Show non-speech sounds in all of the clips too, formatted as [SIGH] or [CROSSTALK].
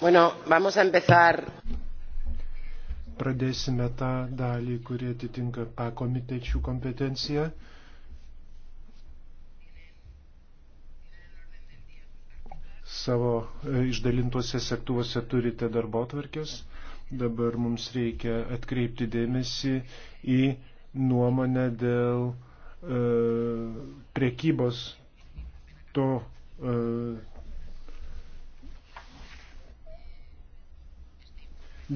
Bueno, vamos a empezar. Pradėsime tą dalį, kurie atitinka pakomitečių kompetenciją. Savo e, išdalintuose sektuose turite darbo tvarkės. Dabar mums reikia atkreipti dėmesį į nuomonę dėl e, prekybos to e,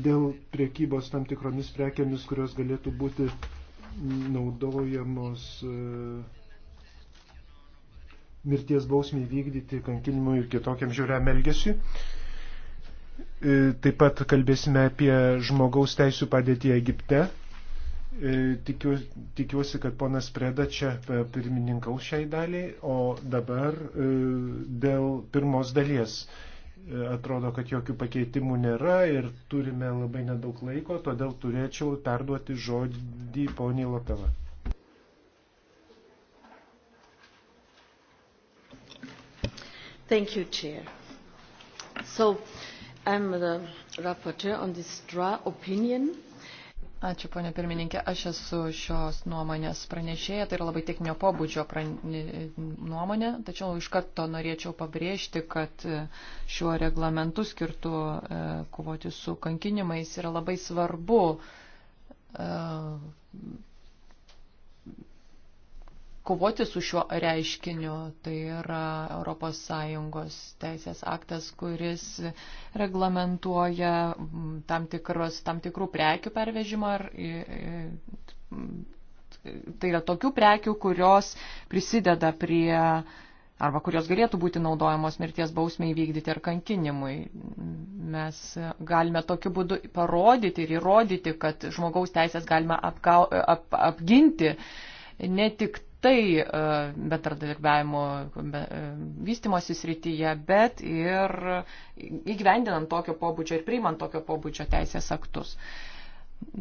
dėl priekybos tam tikromis prekiamis, kurios galėtų būti naudojamos e, mirties bausmiai vykdyti, kankinimui ir kitokiam žiūriam elgesiui. E, taip pat kalbėsime apie žmogaus teisų padėtį Egipte. E, tikiuosi, tikiuosi, kad ponas Preda čia pirmininkaus šiai daliai, o dabar dėl pirmos dalies atrodo, kad jokių pakeitimų nėra ir turime labai nedaug laiko, todėl turėčiau perduoti žodį poniai Lopela. Thank you, Chair. So, I'm the rapporteur on this draft opinion Ačiū, ponė pirmininkė. Aš esu šios nuomonės pranešėja, tai yra labai techninio pobūdžio pran... nuomonė, tačiau iš karto norėčiau pabrėžti, kad e, šiuo reglamentu skirtu e, kovoti su kankinimais yra labai svarbu e, kovoti su šiuo reiškiniu. Tai yra ES teisės aktas, kuris reglamentuoja tam, tikros, tam tikrų prekių pervežimą. Ar, tai yra tokių prekių, kurios prisideda prie arba kurios galėtų būti naudojamos mirties bausmiai vykdyti ar kankinimui. Mes galime tokiu būdu parodyti ir įrodyti, kad žmogaus teisės galima apgau, ap, apginti ne tik tai bendradarbiavimo e, vystimosi srityje, bet ir įgyvendinant tokio pobūdžio ir priimant tokio pobūdžio teisės aktus.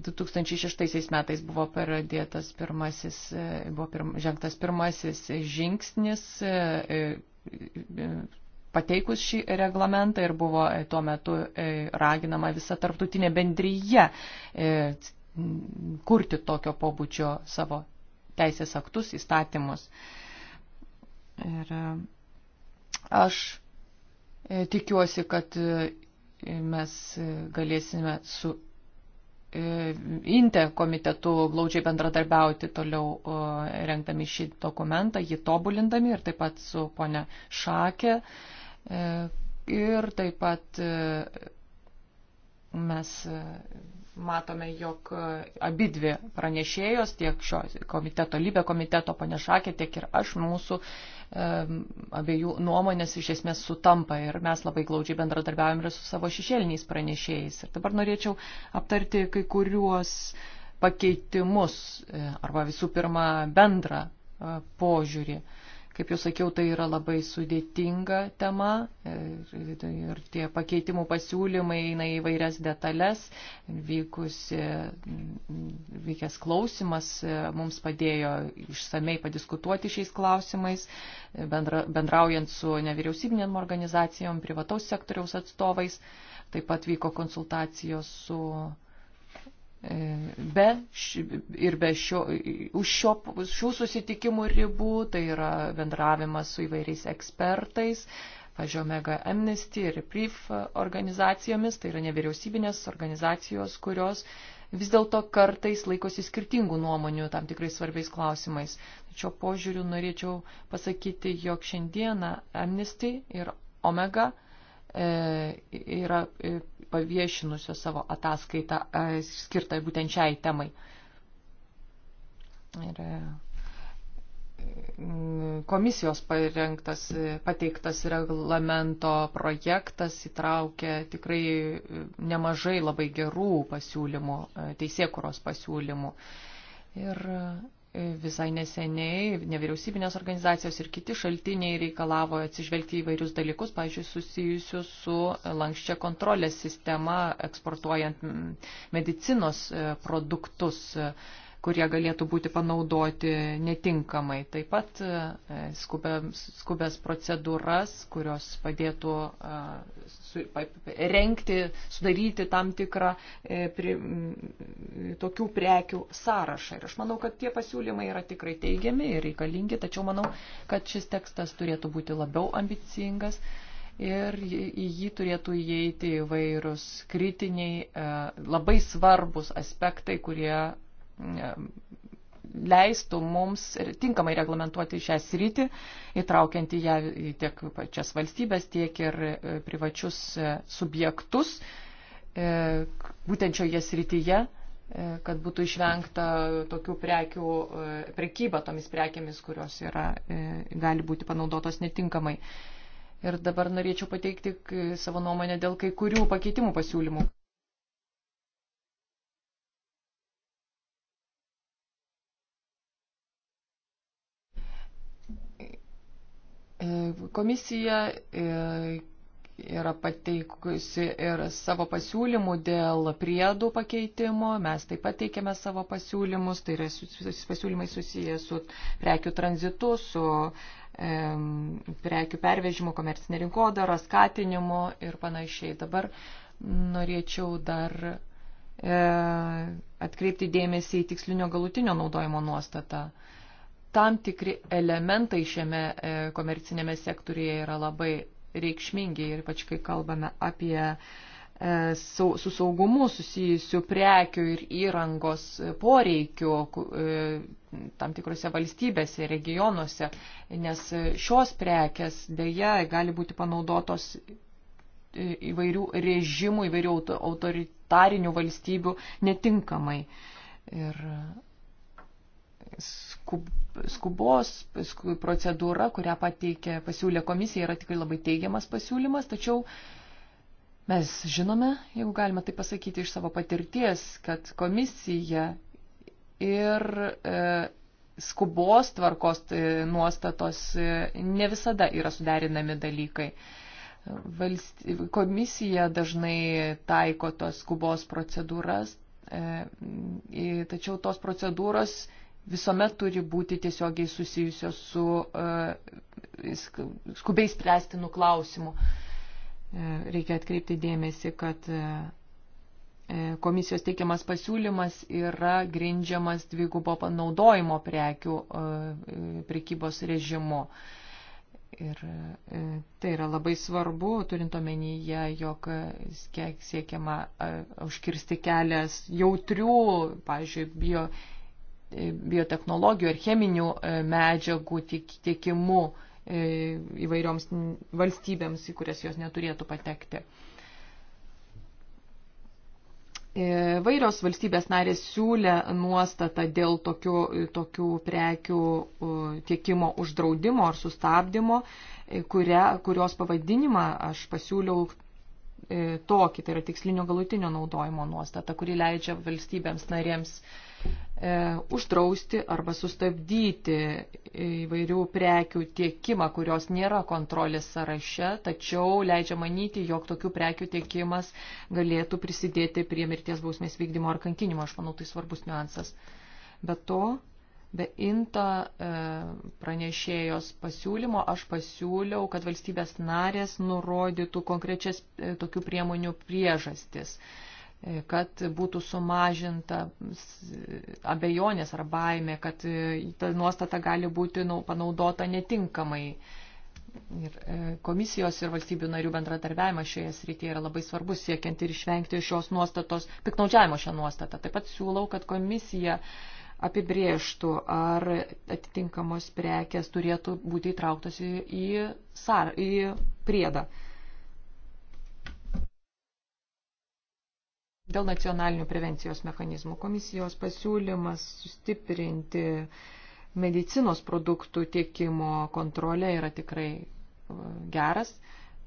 2006 metais buvo pradėtas pirmasis, e, buvo pirm, žengtas pirmasis žingsnis pateikus šį reglamentą ir buvo tuo metu raginama visa tarptautinė bendryje kurti tokio pobūdžio savo teisės aktus, įstatymus. Ir e, aš e, tikiuosi, kad e, mes galėsime su INTE komitetu glaudžiai bendradarbiauti toliau rengdami šį dokumentą, jį tobulindami ir taip pat su ponia Šakė. Ir taip pat mes Matome, jog e, abi dvi pranešėjos, tiek šio komiteto, lybė komiteto panešakė, tiek ir aš, mūsų e, abiejų nuomonės iš esmės sutampa ir mes labai glaudžiai bendradarbiavim ir su savo šešėliniais pranešėjais. Ir dabar norėčiau aptarti kai kuriuos pakeitimus e, arba visų pirma bendrą e, požiūrį. E, Kaip jau sakiau, tai yra labai sudėtinga tema ir, ir tie pakeitimų pasiūlymai eina į vairias detalės. Vykusi, vykęs klausimas mums padėjo išsamei padiskutuoti šiais klausimais, bendra, bendraujant su nevyriausybinėm organizacijom, privataus sektoriaus atstovais. Taip pat vyko konsultacijos su E, be, ir be šio, už šio, šių susitikimų ribų, tai yra bendravimas su įvairiais ekspertais, pažiūrėjau, Mega Amnesty ir PRIF organizacijomis, tai yra nevyriausybinės organizacijos, kurios vis dėlto kartais laikosi skirtingų nuomonių tam tikrais svarbiais klausimais. Tačiau požiūriu norėčiau pasakyti, jog šiandieną Amnesty ir Omega uh, E, yra e, paviešinusios savo ataskaitą e, skirtą būtent šiai temai. Ir komisijos parengtas, pateiktas reglamento projektas įtraukia tikrai nemažai labai gerų pasiūlymų, teisėkuros pasiūlymų. Ir visai neseniai nevyriausybinės organizacijos ir kiti šaltiniai reikalavo atsižvelgti į vairius dalykus, pavyzdžiui, susijusius su lankščia kontrolės sistema eksportuojant medicinos e, produktus kurie galėtų būti panaudoti netinkamai. Taip pat e, skubės, skubės procedūras, kurios padėtų e, su, renkti, sudaryti tam tikrą e, pri, tokių prekių sąrašą. Ir aš manau, kad tie pasiūlymai yra tikrai teigiami ir reikalingi, tačiau manau, kad šis tekstas turėtų būti labiau ambicingas ir į jį turėtų įeiti įvairūs kritiniai, labai svarbus aspektai, kurie leistų mums tinkamai reglamentuoti šią sritį, įtraukiant į ją tiek pačias valstybės, tiek ir e, privačius e, subjektus e, būtent šioje srityje, kad būtų išvengta tokių prekių, prekyba tomis prekiamis, kurios yra, gali būti panaudotos netinkamai. Ir dabar norėčiau pateikti savo nuomonę dėl kai kurių pakeitimų pasiūlymų. E, komisija e, yra pateikusi ir savo pasiūlymų dėl priedų pakeitimo. Mes taip pat teikiame savo pasiūlymus, tai yra pasiūlymai susiję su prekių tranzitu, su e, prekių pervežimu, komercinė rinkodara, skatinimu ir panašiai. Dabar norėčiau dar e, atkreipti dėmesį į tikslinio galutinio naudojimo nuostatą. E, tam tikri elementai šiame e, komercinėme sektorėje yra labai reikšmingi ir ypač kai kalbame apie e, su saugumu susijusių prekių ir įrangos poreikių e, tam tikrose valstybėse, regionuose, nes šios prekes dėja gali būti panaudotos įvairių režimų, įvairių autoritarinių valstybių netinkamai. Ir skub, skubos skub, procedūra, kurią pateikė, pasiūlė komisija, yra tikrai labai teigiamas pasiūlymas, tačiau mes žinome, jeigu galima tai pasakyti iš savo patirties, kad komisija ir e, skubos tvarkos e, nuostatos e, ne visada yra suderinami dalykai. Valst... Komisija dažnai taiko tos skubos procedūras, e, tačiau tos procedūros visuomet turi būti tiesiogiai susijusios su e, skubiai spręstinų klausimų. E, reikia atkreipti dėmesį, kad e, komisijos teikiamas pasiūlymas yra grindžiamas dvigubo panaudojimo prekių prekybos režimu. Ir tai yra labai svarbu, turint omenyje, jog siekiama užkirsti kelias jautrių, pavyzdžiui, bio E, biotehnologijų ir cheminių e, medžiagų tiekimu e, įvairioms valstybėms, į kurias jos neturėtų patekti. Vairios valstybės narės siūlė nuostatą dėl tokių, tokių prekių tiekimo uždraudimo ar sustabdymo, kuria, kurios pavadinimą aš pasiūliau tokį, tai yra tikslinio galutinio naudojimo nuostata, kuri leidžia valstybėms narėms uh, E, uždrausti arba sustabdyti įvairių prekių tiekimą, kurios nėra kontrolės sąraše, tačiau leidžia manyti, jog tokių prekių tiekimas galėtų prisidėti prie mirties bausmės vykdymo ar kankinimo. Aš manau, tai svarbus niuansas. Be to, be inta e, pranešėjos pasiūlymo aš pasiūliau, kad valstybės narės nurodytų konkrečias e, tokių priemonių priežastis kad būtų sumažinta abejonės ar baimė, kad e, ta nuostata gali būti panaudota netinkamai. Ir e, komisijos ir valstybių narių bendradarbiavimas šioje srityje yra labai svarbus siekiant ir išvengti šios nuostatos, piknaudžiavimo šią nuostatą. Taip pat siūlau, kad komisija apibrėžtų, ar atitinkamos prekes turėtų būti įtrauktos į, į, sar, į priedą. Dėl nacionalinių prevencijos mechanizmų komisijos pasiūlymas sustiprinti medicinos produktų tiekimo kontrolę yra tikrai uh, geras,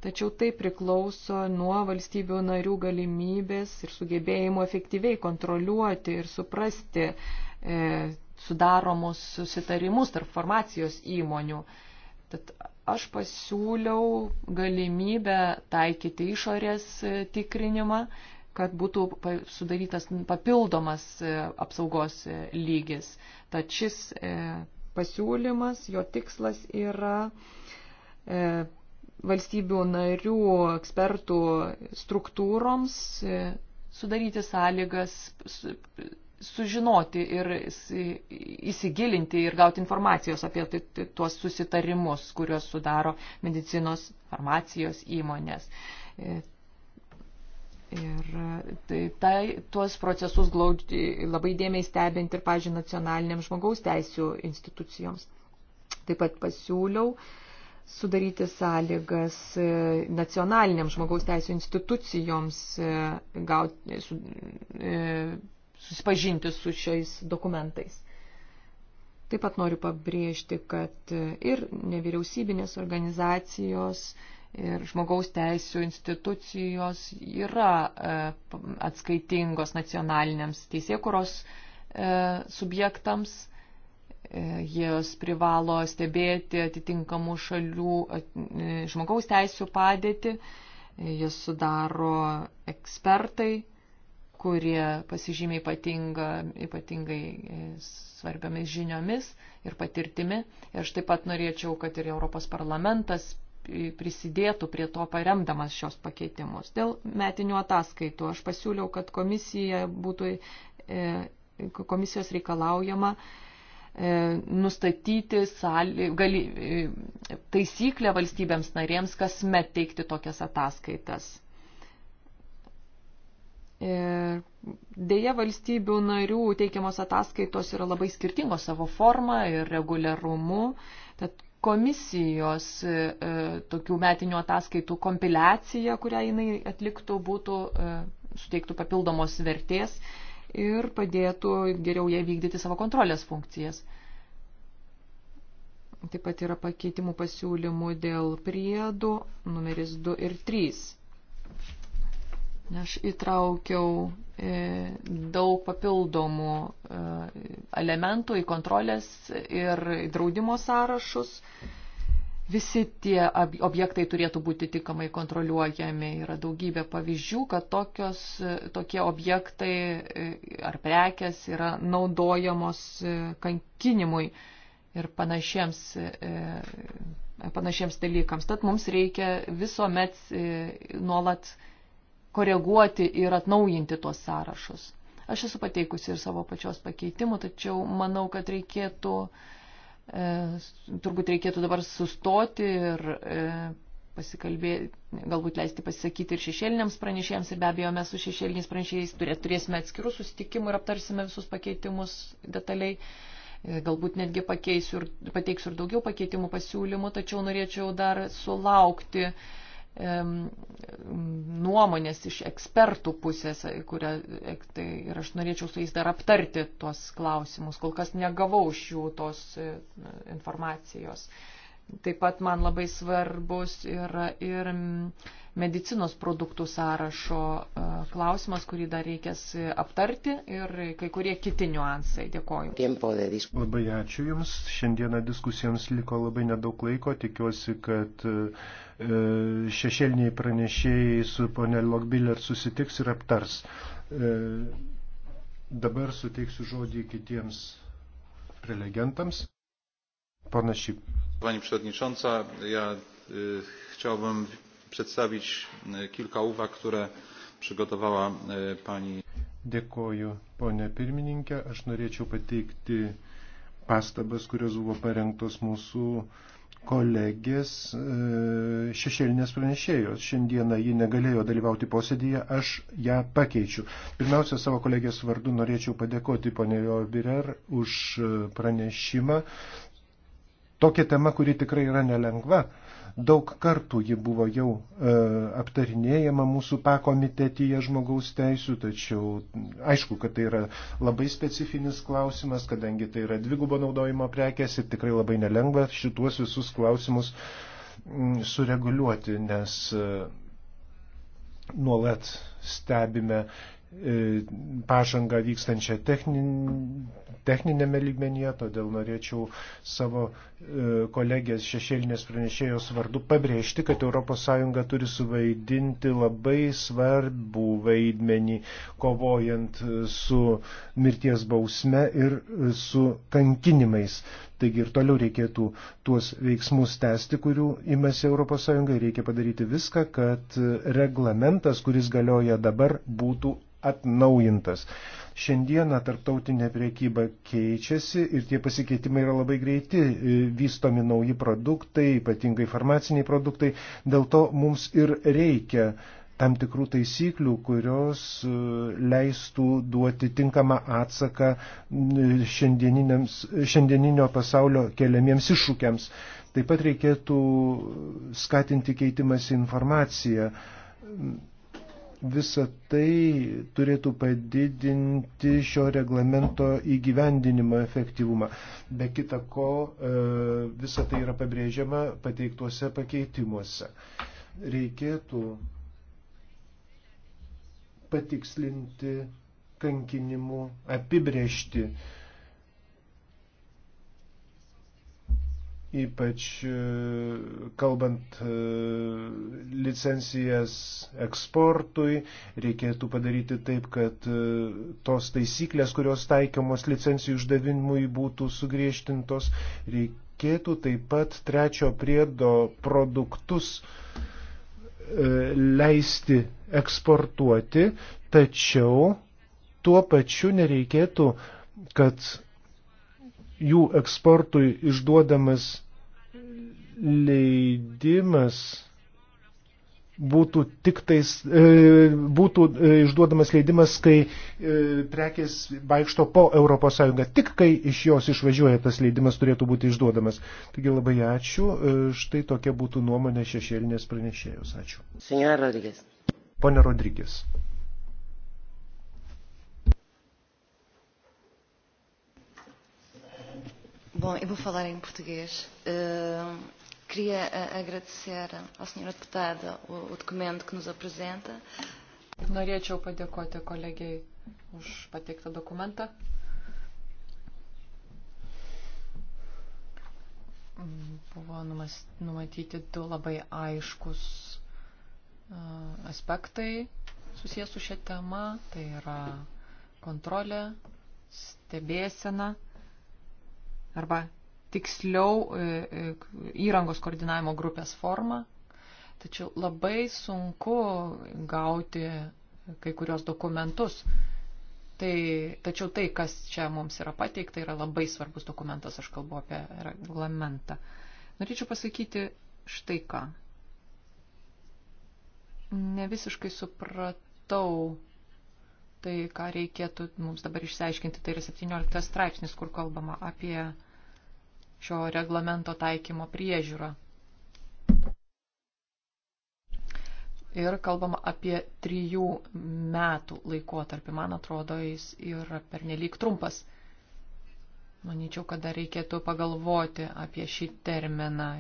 tačiau tai priklauso nuo valstybių narių galimybės ir sugebėjimo efektyviai kontroliuoti ir suprasti e, sudaromus susitarimus tarp farmacijos įmonių. Tad aš pasiūliau galimybę taikyti išorės e, tikrinimą kad būtų sudarytas papildomas e, apsaugos e, lygis. Tad šis e, pasiūlymas, jo tikslas yra valstybių narių ekspertų struktūroms sudaryti sąlygas sužinoti ir įsigilinti ir gauti informacijos apie tuos susitarimus, kuriuos sudaro medicinos farmacijos įmonės. Ir tai, tai tuos procesus glaudžiai labai dėmiai stebint ir, pažiūrėjau, nacionaliniam žmogaus teisų institucijoms. Taip pat pasiūliau sudaryti sąlygas e, nacionaliniam žmogaus teisų institucijoms e, gauti, su, e, susipažinti su šiais dokumentais. Taip pat noriu pabrėžti, kad ir nevyriausybinės organizacijos, uh, ir žmogaus teisų institucijos yra e, atskaitingos nacionaliniams teisėkuros e, subjektams. E, Jos privalo stebėti atitinkamų šalių žmogaus teisų padėti. Jas sudaro ekspertai, kurie pasižymė ypatinga, ypatingai svarbiamis žiniomis ir patirtimi. Ir aš taip pat norėčiau, kad ir Europos parlamentas prisidėtų prie to paremdamas šios pakeitimus. Dėl metinių ataskaitų aš pasiūliau, kad komisija būtų, e, komisijos reikalaujama e, nustatyti sąly, gali, e, taisyklę valstybėms narėms kasmet teikti tokias ataskaitas. Ir dėja valstybių narių teikiamos ataskaitos yra labai skirtingos savo forma ir reguliarumu, tad komisijos e, e, tokių metinių ataskaitų kompiliacija, kurią jinai atliktų, būtų e, suteiktų papildomos vertės ir padėtų geriau jie vykdyti savo kontrolės funkcijas. Taip pat yra pakeitimų pasiūlymų dėl priedų numeris 2 ir 3. Aš įtraukiau e, daug papildomų e, elementų į kontrolės ir draudimo sąrašus. Visi tie objektai turėtų būti tikamai kontroliuojami. Yra daugybė pavyzdžių, kad tokios, tokie objektai e, ar prekes yra naudojamos kankinimui ir panašiems, panašiems dalykams. Tad mums reikia visuomet nuolat koreguoti ir atnaujinti tuos sąrašus. Aš esu pateikusi ir savo pačios pakeitimų, tačiau manau, kad reikėtų, e, turbūt reikėtų dabar sustoti ir e, pasikalbėti, galbūt leisti pasisakyti ir šešėliniams pranešėjams ir be abejo mes su šešėliniais pranešėjais turėsime atskirų susitikimų ir aptarsime visus pakeitimus detaliai. E, galbūt netgi pakeisiu ir pateiksiu ir daugiau pakeitimų pasiūlymų, tačiau norėčiau dar sulaukti uh, nuomonės iš ekspertų pusės, kuria, tai, ir aš norėčiau su jais dar aptarti tuos klausimus. Kol kas negavau iš jų tos e, informacijos. Uh, Taip pat man labai svarbus yra ir mm, medicinos produktų sąrašo e, klausimas, kurį dar reikės aptarti ir kai kurie kiti niuansai. Dėkoju. Labai ačiū Jums. Šiandieną diskusijoms liko labai nedaug laiko. Tikiuosi, kad e, šešėliniai pranešėjai su ponė Lokbiller susitiks ir aptars. E, dabar suteiksiu žodį kitiems prelegentams. Panašiai. Pani przewodnicząca, ja y, chciałbym przedstawić kilka uwag, które przygotowała y, pani. Dėkoju, ponė pirmininkė. Aš norėčiau pateikti pastabas, kurios buvo parengtos mūsų kolegės e, šešėlinės pranešėjos. Šiandieną ji negalėjo dalyvauti posėdėje, aš ją pakeičiu. Pirmiausia, savo kolegės vardu norėčiau padėkoti ponėjo Birer už e, pranešimą. Tokia tema, kuri tikrai yra nelengva. Daug kartų ji buvo jau e, aptarinėjama mūsų pakomitetyje žmogaus teisų, tačiau aišku, kad tai yra labai specifinis klausimas, kadangi tai yra dvigubo naudojimo prekes ir tikrai labai nelengva šituos visus klausimus m, sureguliuoti, nes e, nuolat stebime E, pažangą vykstančią technin, techninėme lygmenyje, todėl norėčiau savo e, kolegės šešėlinės pranešėjos vardu pabrėžti, kad ES turi suvaidinti labai svarbų vaidmenį, kovojant su mirties bausme ir su kankinimais. Taigi ir toliau reikėtų tuos veiksmus tęsti, kurių imasi ES, reikia padaryti viską, kad reglamentas, kuris galioja dabar, būtų atnaujintas. Šiandieną tarptautinė priekyba keičiasi ir tie pasikeitimai yra labai greiti, e, vystomi nauji produktai, ypatingai farmaciniai produktai, dėl to mums ir reikia tam tikrų taisyklių, kurios e, leistų duoti tinkamą atsaką e, šiandieninio pasaulio keliamiems iššūkiams. Taip pat reikėtų skatinti keitimąsi informaciją Visa tai turėtų padidinti šio reglamento įgyvendinimo efektyvumą. Be kita ko, e, visa tai yra pabrėžiama pateiktuose pakeitimuose. Reikėtų patikslinti kankinimų apibrėžti ypač e, kalbant e, licencijas eksportui, reikėtų padaryti taip, kad e, tos taisyklės, kurios taikiamos licencijų uždavimui, būtų sugriežtintos. Reikėtų taip pat trečio priedo produktus leisti eksportuoti, tačiau tuo pačiu nereikėtų, kad jų eksportui išduodamas leidimas būtų tik tais, e, būtų e, išduodamas leidimas, kai e, prekės vaikšto po Europos Sąjungą. Tik kai iš jos išvažiuoja tas leidimas turėtų būti išduodamas. Taigi labai ačiū. E, štai tokia būtų nuomonė šešėlinės pranešėjos. Ačiū. Senora Rodrygės. Pone Rodrygės. Bom, eu vou falar em português. Uh, Queria eh, agradecer ao eh, Sr. Deputado o, o documento que nos apresenta. Norėčiau padėkoti kolegijai už pateiktą dokumentą. Buvo numatyti du labai aiškus aspektai susijęs su šia tema. Tai yra kontrolė, stebėsena arba tiksliau e, e, įrangos koordinavimo grupės formą, tačiau labai sunku gauti kai kurios dokumentus. Tai, tačiau tai, kas čia mums yra pateikta, yra labai svarbus dokumentas, aš kalbu apie reglamentą. Norėčiau pasakyti štai ką. Ne visiškai supratau tai, ką reikėtų mums dabar išsiaiškinti, tai yra 17 straipsnis, kur kalbama apie šio reglamento taikymo priežiūrą. Ir kalbama apie trijų metų laikotarpį. Man atrodo, jis yra pernelyg trumpas. Manyčiau, kad dar reikėtų pagalvoti apie šį terminą.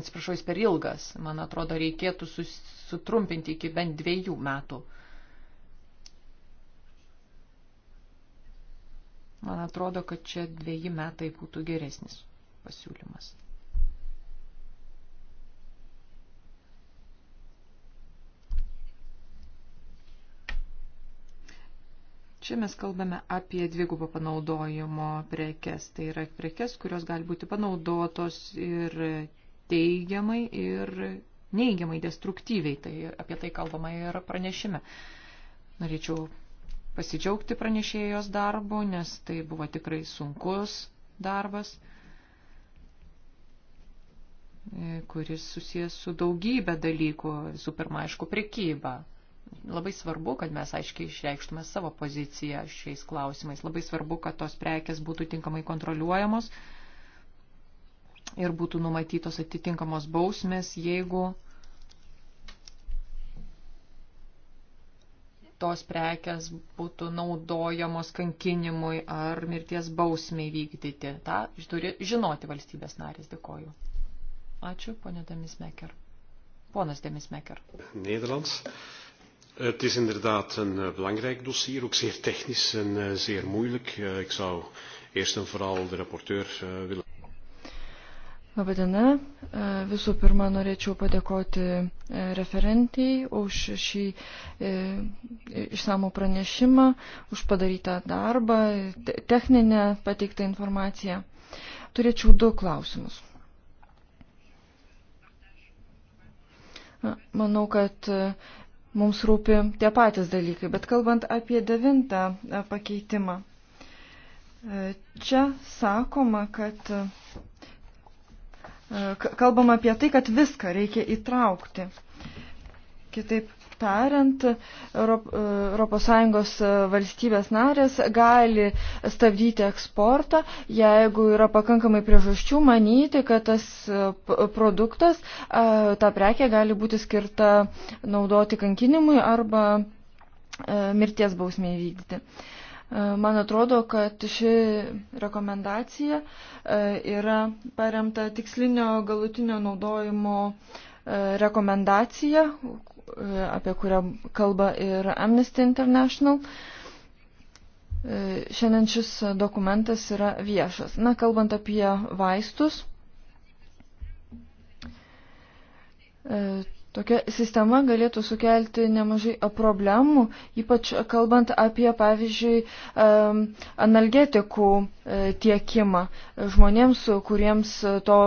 Atsiprašau, jis per ilgas. Man atrodo, reikėtų sus, sutrumpinti iki bent dviejų metų. Man atrodo, kad čia dviejį metai būtų geresnis pasiūlymas. Čia mes kalbame apie dvigubą panaudojimo prekes. Tai yra prekes, kurios gali būti panaudotos ir teigiamai, ir neigiamai, destruktyviai. Tai apie tai kalbama ir pranešime. Norėčiau pasidžiaugti pranešėjos darbu, nes tai buvo tikrai sunkus darbas, e, kuris susijęs su daugybė dalykų, visų pirma, aišku, prekyba. Labai svarbu, kad mes aiškiai išreikštume savo poziciją šiais klausimais. Labai svarbu, kad tos prekes būtų tinkamai kontroliuojamos ir būtų numatytos atitinkamos bausmės, jeigu uh, tos prekes būtų naudojamos kankinimui ar mirties bausmiai vykdyti. Ta turi žinoti valstybės narės. Dėkoju. Ačiū, ponė Demismeker. Ponas Demismeker. Nederlands. Het is inderdaad een eh, belangrijk dossier, ook zeer technisch en eh, zeer moeilijk. Eh, ik zou eerst en vooral de rapporteur willen. Labadiena. E, visų pirma, norėčiau padėkoti e, referentiai už šį e, išsamų pranešimą, už padarytą darbą, techninę pateiktą informaciją. Turėčiau du klausimus. Manau, kad mums rūpi tie patys dalykai, bet kalbant apie devintą pakeitimą. Čia sakoma, kad kalbam apie tai, kad viską reikia įtraukti. Kitaip tariant, ES valstybės narės gali stabdyti eksportą, jeigu yra pakankamai priežasčių manyti, kad tas produktas, ta prekė gali būti skirta naudoti kankinimui arba e, mirties bausmė vykdyti. Man atrodo, kad ši rekomendacija e, yra paremta tikslinio galutinio naudojimo e, rekomendacija, e, apie kurią kalba ir Amnesty International. Šiandien šis dokumentas yra viešas. Na, kalbant apie vaistus, Tokia sistema galėtų sukelti nemažai e, problemų, ypač kalbant apie, pavyzdžiui, e, analgetikų e, tiekimą žmonėms, kuriems to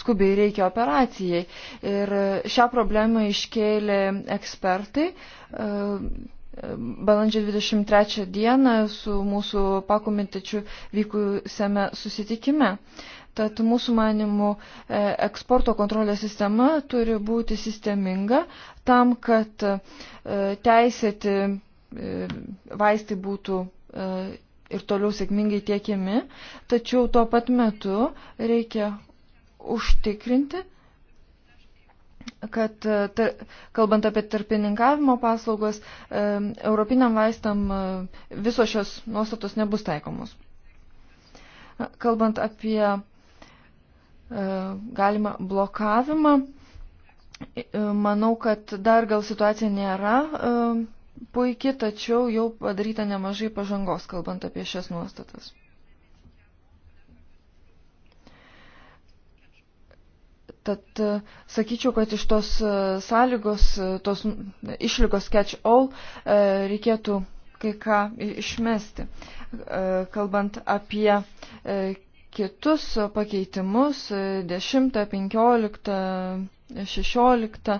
skubiai reikia operacijai. Ir šią problemą iškėlė ekspertai. Balandžio 23 dieną su mūsų pakomitečiu vykusiame susitikime. Uh, Tad mūsų manimų e, eksporto kontrolės sistema turi būti sisteminga tam, kad e, teisėti e, vaistai būtų ir toliau sėkmingai tiekiami, tačiau tuo pat metu reikia užtikrinti, kad ta, kalbant apie tarpininkavimo paslaugas, e, europiniam vaistam e, visos šios nuostatos nebus taikomos. Kalbant apie E, galima blokavimą. E, manau, kad dar gal situacija nėra e, puikiai, tačiau jau padaryta nemažai pažangos, kalbant apie šias nuostatas. Tad sakyčiau, kad iš tos sąlygos, tos išlygos catch all reikėtų kai ką išmesti, kalbant apie kitus pakeitimus 10, 15, 16.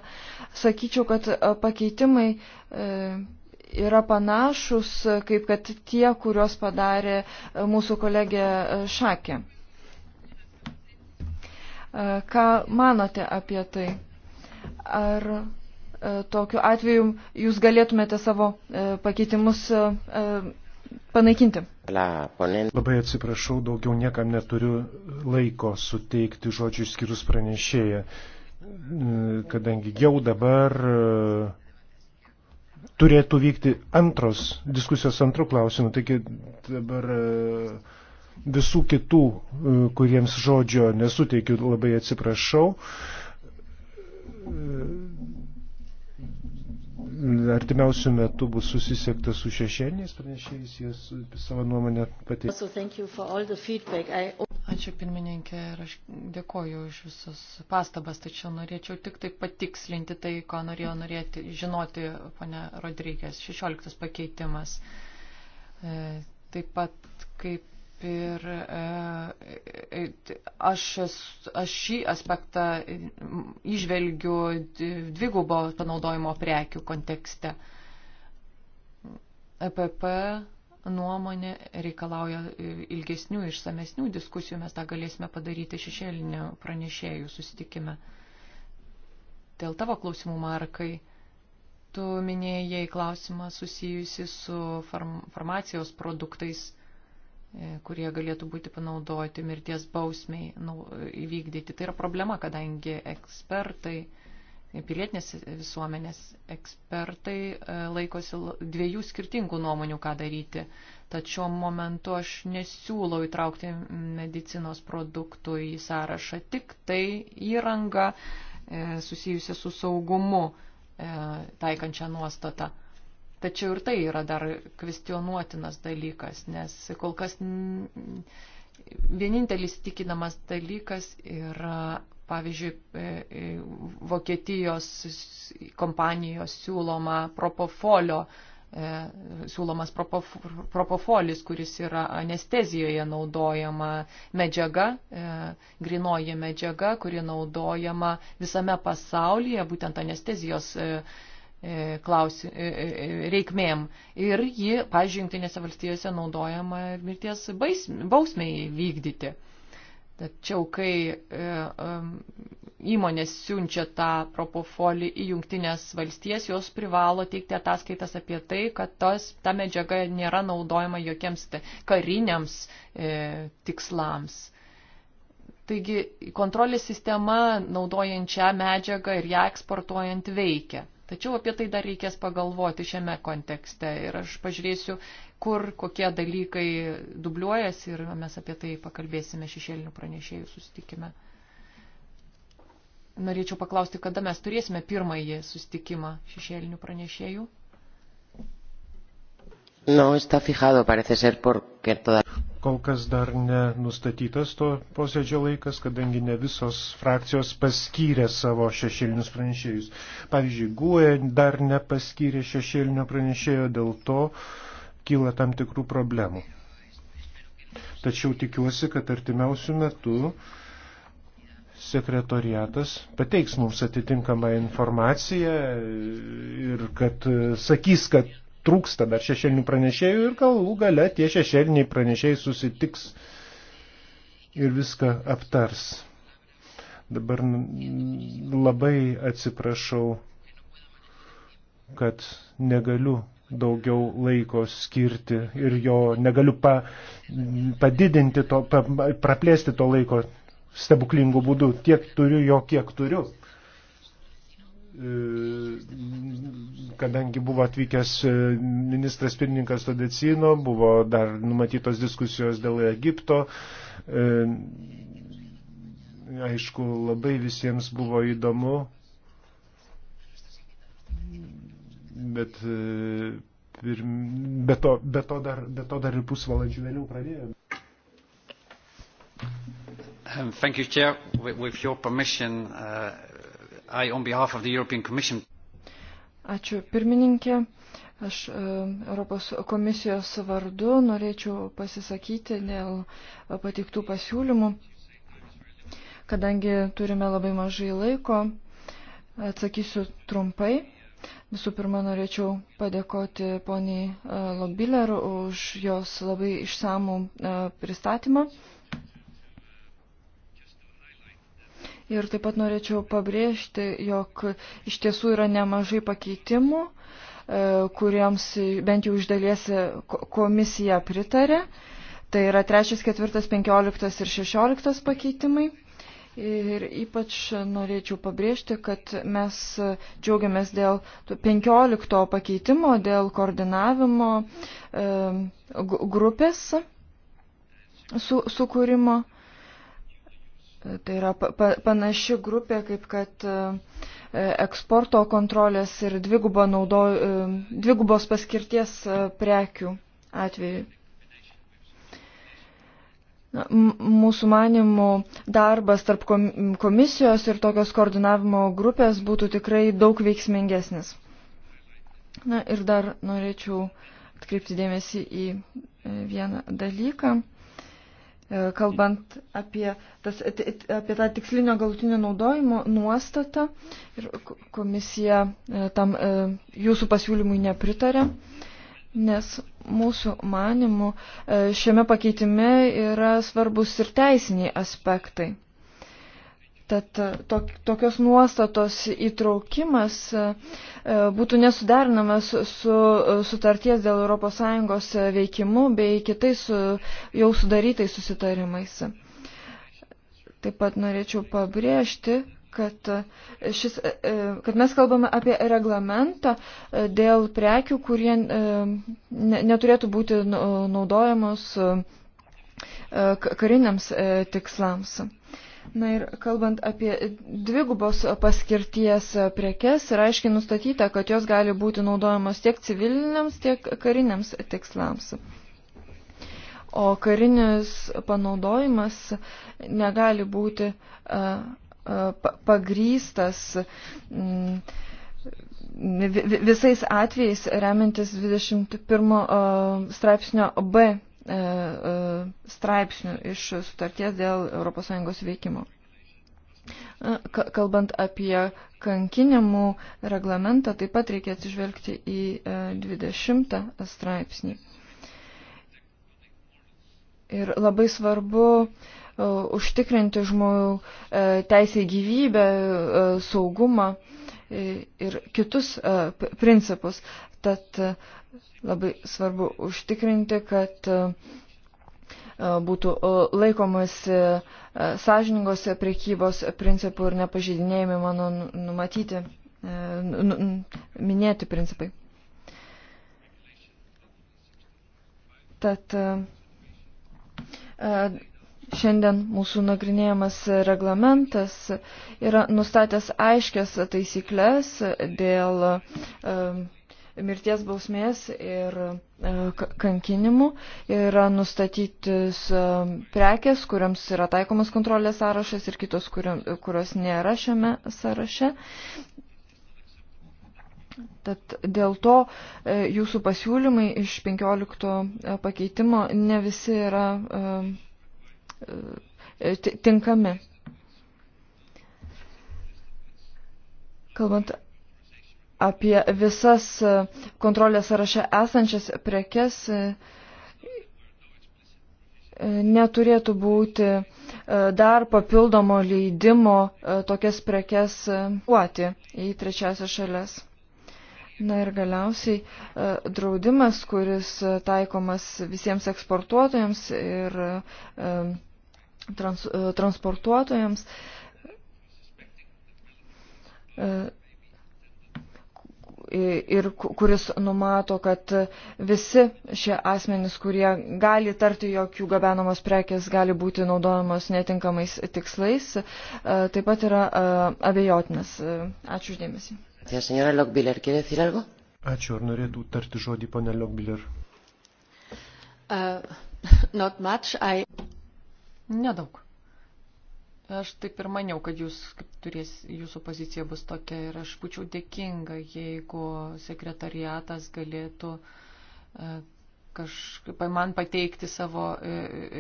Sakyčiau, kad e, pakeitimai e, yra panašus, kaip kad tie, kuriuos padarė e, mūsų kolegė Šakė. Ką manote apie tai? Ar tokiu atveju jūs galėtumėte savo pakeitimus panaikinti. Labai atsiprašau, daugiau niekam neturiu laiko suteikti žodžių išskyrus pranešėją, kadangi jau dabar e, turėtų vykti antros diskusijos antrų klausimų, taigi dabar e, visų kitų, e, kuriems žodžio nesuteikiu, labai atsiprašau artimiausių metų bus susisiekta su šešėliniais pranešėjais, jie savo nuomonę pateiks. Ačiū pirmininkė ir aš dėkoju už visus pastabas, tačiau norėčiau tik tai patikslinti tai, ko norėjo norėti, žinoti ponia Rodrygės, 16 pakeitimas. E, taip pat kaip ir e, e, aš, aš šį aspektą išvelgiu dvigubo panaudojimo prekių kontekste. EPP nuomonė reikalauja ilgesnių, išsamesnių diskusijų, mes tą galėsime padaryti šešėlinių pranešėjų susitikime. Dėl tavo klausimų, Markai, tu minėjai klausimą susijusi su farm, farmacijos produktais E, kurie galėtų būti panaudoti mirties bausmiai nu, įvykdyti. Tai yra problema, kadangi ekspertai, pilietinės visuomenės ekspertai e, laikosi dviejų skirtingų nuomonių, ką daryti. Tačiau momentu aš nesiūlau įtraukti medicinos produktų į sąrašą, tik tai įranga e, susijusia su saugumu taikančią nuostatą. Tačiau ir tai yra dar kvestionuotinas dalykas, nes kol kas vienintelis tikinamas dalykas yra, pavyzdžiui, e, e, Vokietijos kompanijos siūloma propofolio e, siūlomas propofolis, kuris yra anestezijoje naudojama medžiaga, grinoji medžiaga, kuri naudojama visame pasaulyje, būtent anestezijos medžiaga E, klausim, e, e, reikmėm. Ir ji, pažiūrėjau, jungtinėse valstijose naudojama mirties bausmiai vykdyti. Tačiau, kai įmonės siunčia tą propofolį į jungtinės valstijas, jos privalo teikti ataskaitas apie tai, kad tas, ta medžiaga nėra naudojama jokiems kariniams e, tikslams. Taigi, kontrolės sistema naudojančią medžiagą ir ją eksportuojant veikia. Tačiau apie tai dar reikės pagalvoti šiame kontekste ir aš pažiūrėsiu, kur kokie dalykai dubliuojasi ir mes apie tai pakalbėsime šešėlinių pranešėjų susitikime. Norėčiau paklausti, kada mes turėsime pirmąjį susitikimą šešėlinių pranešėjų. No, está fijado, parece ser, porque toda... Kol kas dar nenustatytas to posėdžio laikas, kadangi ne visos frakcijos paskyrė savo šešėlinius pranešėjus. Pavyzdžiui, GUE dar nepaskyrė šešėlinio pranešėjo, dėl to kyla tam tikrų problemų. Tačiau tikiuosi, kad artimiausių metų sekretoriatas pateiks mums atitinkamą informaciją ir kad sakys, kad trūksta dar šešėlinių pranešėjų ir galų gale tie šešėliniai pranešėjai susitiks ir viską aptars. Dabar labai atsiprašau, kad negaliu daugiau laiko skirti ir jo negaliu pa, padidinti, to, pa, praplėsti to laiko stebuklingų būdų. Tiek turiu jo, kiek turiu. E, kadangi buvo atvykęs e, ministras pirmininkas Todecino, buvo dar numatytos diskusijos dėl Egipto. E, aišku, labai visiems buvo įdomu, bet be to, be to, dar, be to dar ir pusvalandžių vėliau pradėjome. Thank you, Chair. With your permission, uh, I, on behalf of the European Commission. Ačiū pirmininkė. Aš e, Europos komisijos vardu norėčiau pasisakyti dėl patiktų pasiūlymų. Kadangi turime labai mažai laiko, atsakysiu trumpai. Visų pirma, norėčiau padėkoti poniai e, Lobiler už jos labai išsamų e, pristatymą. Ir taip pat norėčiau pabrėžti, jog iš tiesų yra nemažai pakeitimų, e, kuriems bent jau iš dalies komisija pritarė. Tai yra 3, 4, 15 ir 16 pakeitimai. Ir ypač norėčiau pabrėžti, kad mes džiaugiamės dėl 15 pakeitimo, dėl koordinavimo e, grupės sukūrimo. Su Tai yra panaši grupė, kaip kad e, eksporto kontrolės ir dvigubo naudo, e, dvigubos paskirties e, prekių atveju. Mūsų manimų darbas tarp komisijos ir tokios koordinavimo grupės būtų tikrai daug veiksmingesnis. Na ir dar norėčiau atkreipti dėmesį į vieną dalyką. E, kalbant apie, tas, apie tą tikslinio galutinio naudojimo nuostatą ir komisija e, tam e, jūsų pasiūlymui nepritarė, nes mūsų manimų šiame pakeitime yra svarbus ir teisiniai aspektai. Tad tok, tokios nuostatos įtraukimas e, būtų nesuderinamas su sutarties dėl ES veikimu bei kitais jau sudarytais susitarimais. Taip pat norėčiau pabrėžti, kad, šis, e, e, kad mes kalbame apie reglamentą dėl prekių, kurie neturėtų būti nu, naudojamos kariniams tikslams. Na ir kalbant apie dvigubos paskirties prekes, yra aiškiai nustatyta, kad jos gali būti naudojamos tiek civiliniams, tiek kariniams tikslams. O karinis panaudojimas negali būti pagrystas mm, visais atvejais remintis 21 straipsnio B E, e, straipsnių iš sutarties dėl ES veikimo. E, kalbant apie kankinimų reglamentą, taip pat reikia atsižvelgti į 20 straipsnį. Ir labai svarbu užtikrinti žmonių teisę į gyvybę, saugumą ir kitus principus. Tad Labai svarbu užtikrinti, kad e, būtų e, laikomasi e, sąžiningos priekybos principų ir nepažydinėjami mano numatyti, minėti principai. Tad šiandien mūsų nagrinėjamas reglamentas yra nustatęs aiškias taisyklės dėl mirties bausmės ir e, kankinimų yra nustatytis e, prekės, kuriams yra taikomas kontrolės sąrašas ir kitos, kurios nėra šiame sąraše. Tad dėl to e, jūsų pasiūlymai iš 15 pakeitimo ne visi yra tinkami. Kalbant apie visas e, kontrolės sąraše esančias prekes e, e, neturėtų būti dar papildomo leidimo tokias prekes duoti į trečiasias šalias. Na ir galiausiai draudimas, kuris taikomas visiems eksportuotojams ir trans, transportuotojams, ir kuris numato, kad visi šie asmenys, kurie gali tarti, jog jų gabenamos prekes gali būti naudojamos netinkamais tikslais, e, taip pat yra e, abejotinas. E, ačiū uždėmesį. Ačiū, ar norėtų tarti žodį, ponė Lokbiller? Uh, [LAUGHS] I... Nedaug. Aš taip ir maniau, kad jūs, turės, jūsų pozicija bus tokia ir aš būčiau dėkinga, jeigu sekretariatas galėtų e, kažkaip man pateikti savo, e,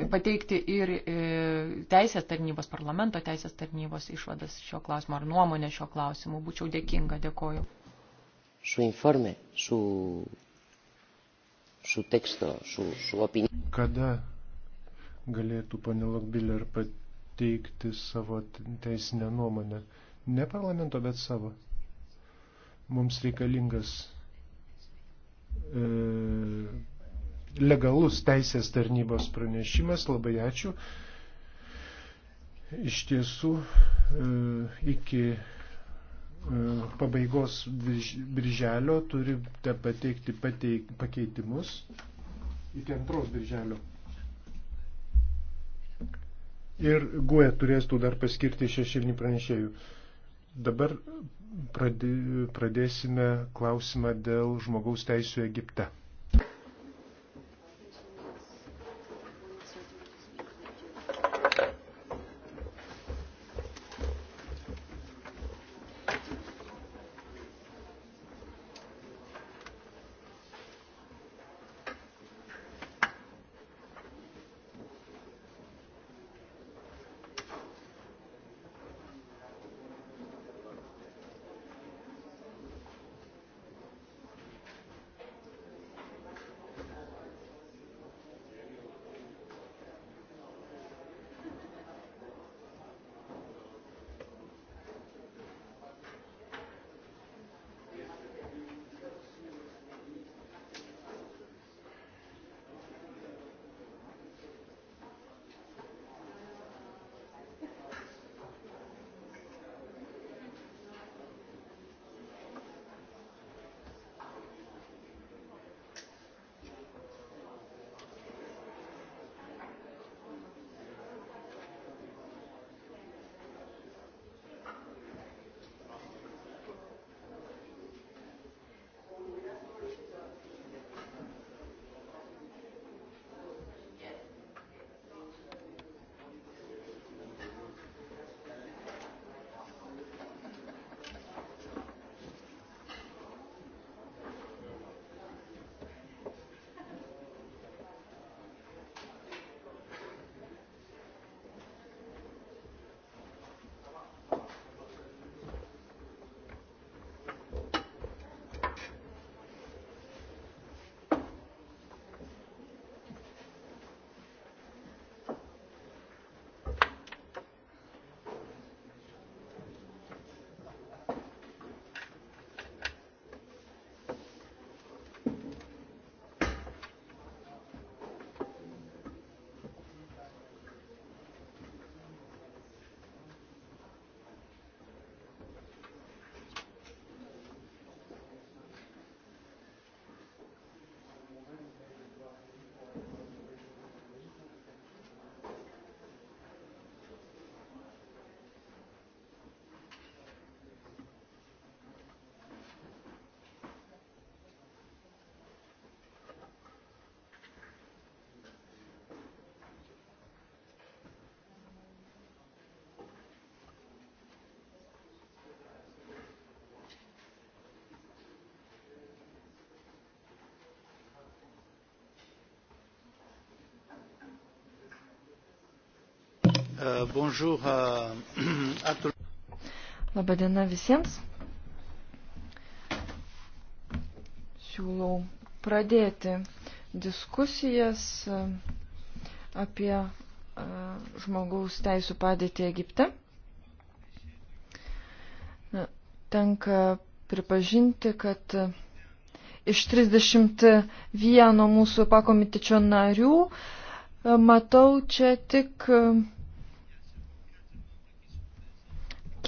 e, pateikti ir teisės tarnybos, parlamento teisės tarnybos išvadas šio klausimo ar nuomonę šio klausimu. Būčiau dėkinga, dėkoju. Su informe, su, su teksto, su, su opinija. Kada galėtų panelok Biller pateikti? teikti savo teisinę nuomonę. Ne parlamento, bet savo. Mums reikalingas e, legalus teisės tarnybos pranešimas. Labai ačiū. Iš tiesų, e, iki e, pabaigos birželio turite pateikti pateik, pakeitimus iki antros birželio ir GUE turės tų dar paskirti šešėlinį pranešėjų. Dabar pradėsime klausimą dėl žmogaus teisų Egipte. Euh, bonjour à [CLEARS THROAT] tous. Labadiena visiems. Siūlau pradėti diskusijas uh, apie uh, žmogaus teisų padėtį Egipte. Tenka pripažinti, kad uh, iš 31 mūsų pakomitečio narių matau čia tik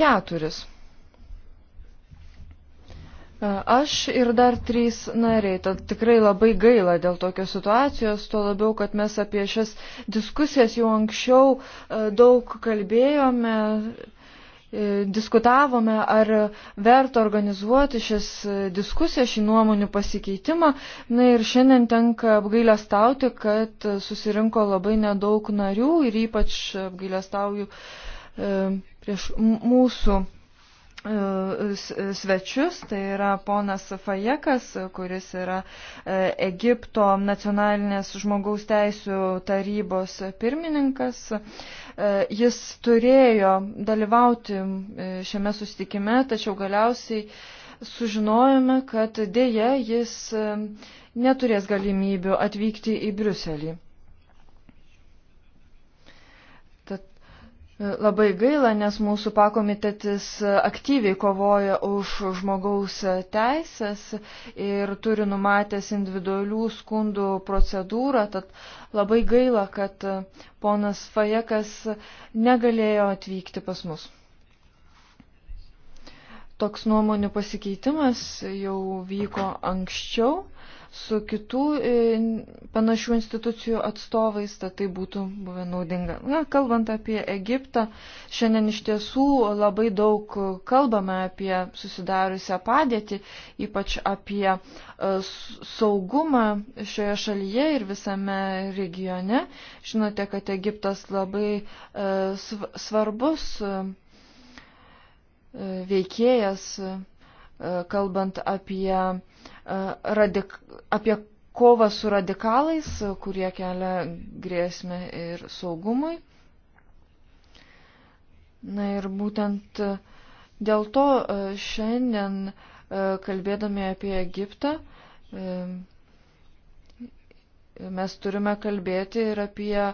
keturis. E, aš ir dar trys nariai, tad tikrai labai gaila dėl tokios situacijos, tuo labiau, kad mes apie šias diskusijas jau anksčiau e, daug kalbėjome, e, diskutavome, ar verta organizuoti šias diskusijas, šį nuomonių pasikeitimą. Na ir šiandien tenka apgailestauti, kad susirinko labai nedaug narių ir ypač apgailestauju prieš mūsų e, svečius, tai yra ponas Fajekas, kuris yra e, Egipto nacionalinės žmogaus teisų tarybos pirmininkas. E, jis turėjo dalyvauti šiame sustikime, tačiau galiausiai sužinojome, kad dėja jis neturės galimybių atvykti į Briuselį. Labai gaila, nes mūsų pakomitetis aktyviai kovoja už žmogaus teisės ir turi numatęs individualių skundų procedūrą, tad labai gaila, kad ponas Fajekas negalėjo atvykti pas mus. Toks nuomonių pasikeitimas jau vyko anksčiau su kitų e, panašių institucijų atstovais, tad tai būtų buvę naudinga. Na, kalbant apie Egiptą, šiandien iš tiesų labai daug kalbame apie susidariusią padėtį, ypač apie e, saugumą šioje šalyje ir visame regione. Žinote, kad Egiptas labai e, svarbus veikėjas, kalbant apie radik, apie kovą su radikalais, kurie kelia grėsmę ir saugumui. Na ir būtent dėl to šiandien kalbėdami apie Egiptą mes turime kalbėti ir apie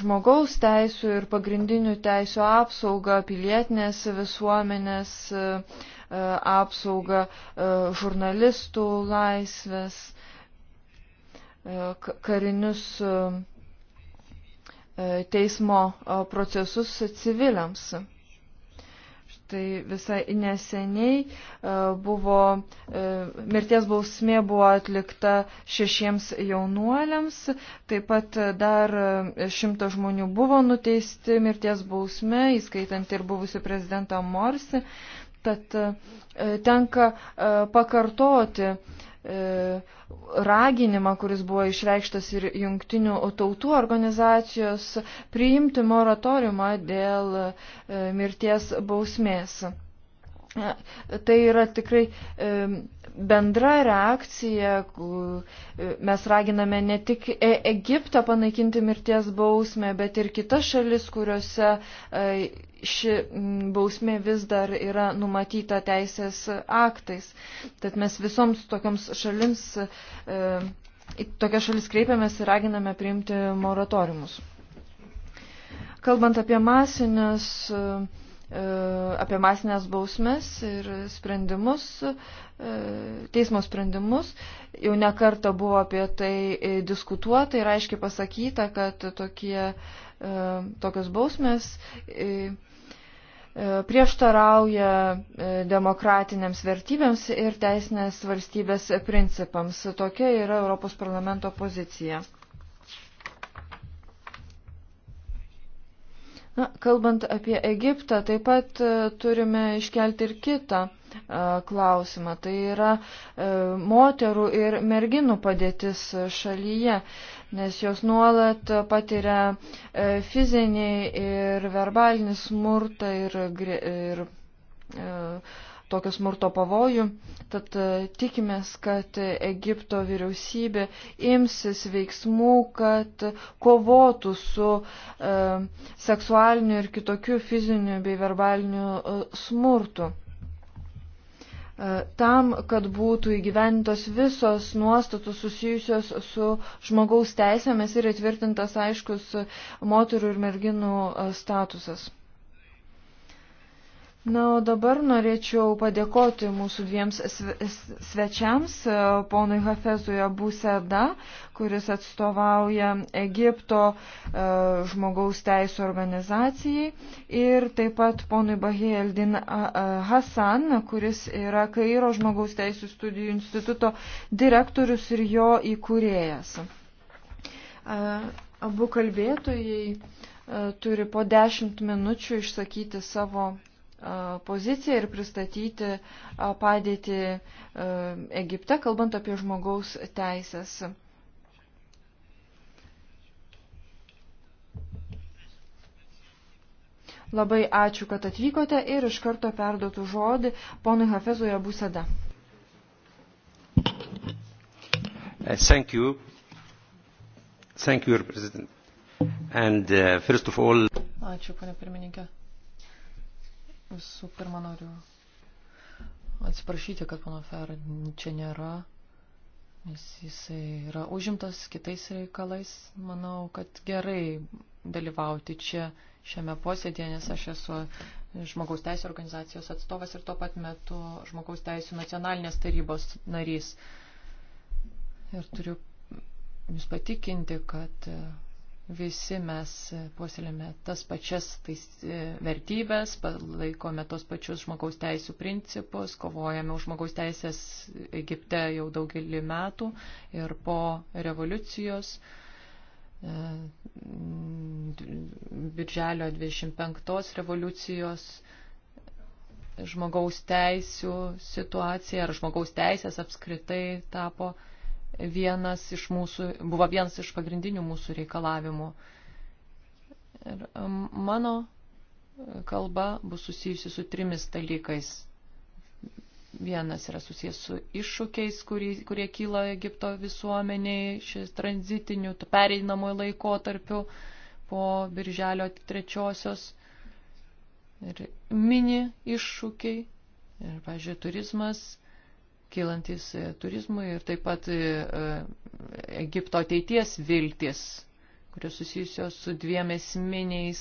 žmogaus teisų ir pagrindinių teisų apsaugą pilietinės visuomenės apsaugą e, žurnalistų laisvės, e, karinius e, teismo procesus civiliams. Tai visai neseniai buvo, mirties bausmė buvo atlikta šešiems jaunuoliams, taip pat dar šimtas žmonių buvo nuteisti mirties bausmė, įskaitant ir buvusi prezidentą Morsi. Tad e, tenka e, pakartoti e, raginimą, kuris buvo išreikštas ir jungtinių tautų organizacijos priimti moratoriumą dėl mirties bausmės. Tai yra tikrai bendra reakcija. E, mes raginame ne tik e, Egiptą panaikinti mirties bausmę, bet ir kitas šalis, kuriuose e, ši bausmė vis dar yra numatyta teisės aktais. Tad mes visoms tokiams šalims, tokia šalis kreipiamės ir raginame priimti moratoriumus. Kalbant apie masinius E, apie masinės bausmes ir sprendimus, e, teismo sprendimus. Jau nekarta buvo apie tai diskutuota ir aiškiai pasakyta, kad tokie, e, tokios bausmes prieštarauja demokratiniams vertybėms ir teisinės valstybės principams. Tokia yra Europos parlamento pozicija. Na, kalbant apie Egiptą, taip pat e, turime iškelti ir kitą e, klausimą. Tai yra e, moterų ir merginų padėtis šalyje, nes jos nuolat patiria fizinį ir verbalinį smurtą ir, ir, ir tokio smurto pavojų, tad e, tikimės, kad Egipto vyriausybė imsis veiksmų, kad kovotų su e, seksualiniu ir kitokiu fiziniu bei verbaliniu e, smurtu. E, tam, kad būtų įgyventos visos nuostatos susijusios su žmogaus teisėmis ir įtvirtintas aiškus moterų ir merginų e, statusas. Na, o dabar norėčiau padėkoti mūsų dviems svečiams, e, ponui Hafezui Abuseda, kuris atstovauja Egipto e, žmogaus teisų organizacijai, ir taip pat ponui Bahieldin Hasan, kuris yra Kairo žmogaus teisų studijų instituto direktorius ir jo įkūrėjas. E, abu kalbėtojai turi po dešimt minučių išsakyti savo poziciją ir pristatyti padėtį Egipte, kalbant apie žmogaus teisės. Labai ačiū, kad atvykote ir iš karto perduotų žodį ponui Hafezui Abusada. Uh, thank you. Thank you, President. And uh, first of all... Ačiū, ponia pirmininkė. Visų pirma, noriu atsiprašyti, kad pono Fer čia nėra, nes jisai yra užimtas kitais reikalais. Manau, kad gerai dalyvauti čia šiame posėdėje, nes aš esu žmogaus teisų organizacijos atstovas ir tuo pat metu žmogaus teisų nacionalinės tarybos narys. Ir turiu Jūs patikinti, kad visi mes puoselėme tas pačias tais, e, vertybės, laikome tos pačius žmogaus teisų principus, kovojame už žmogaus teisės Egipte jau daugelį metų ir po revoliucijos. E, birželio 25 revoliucijos žmogaus teisų situacija ar žmogaus teisės apskritai tapo uh, vienas iš mūsų, buvo vienas iš pagrindinių mūsų reikalavimų. Ir um, mano kalba bus susijusi su trimis dalykais. Vienas yra susijęs su iššūkiais, kurie, kurie kyla Egipto visuomeniai, šis tranzitiniu, pereinamojo laikotarpiu po birželio trečiosios. Ir mini iššūkiai, ir, pažiūrėjau, turizmas, kylantis e, turizmui ir taip pat e, e, Egipto ateities viltis, kurios susijusios su dviem esminiais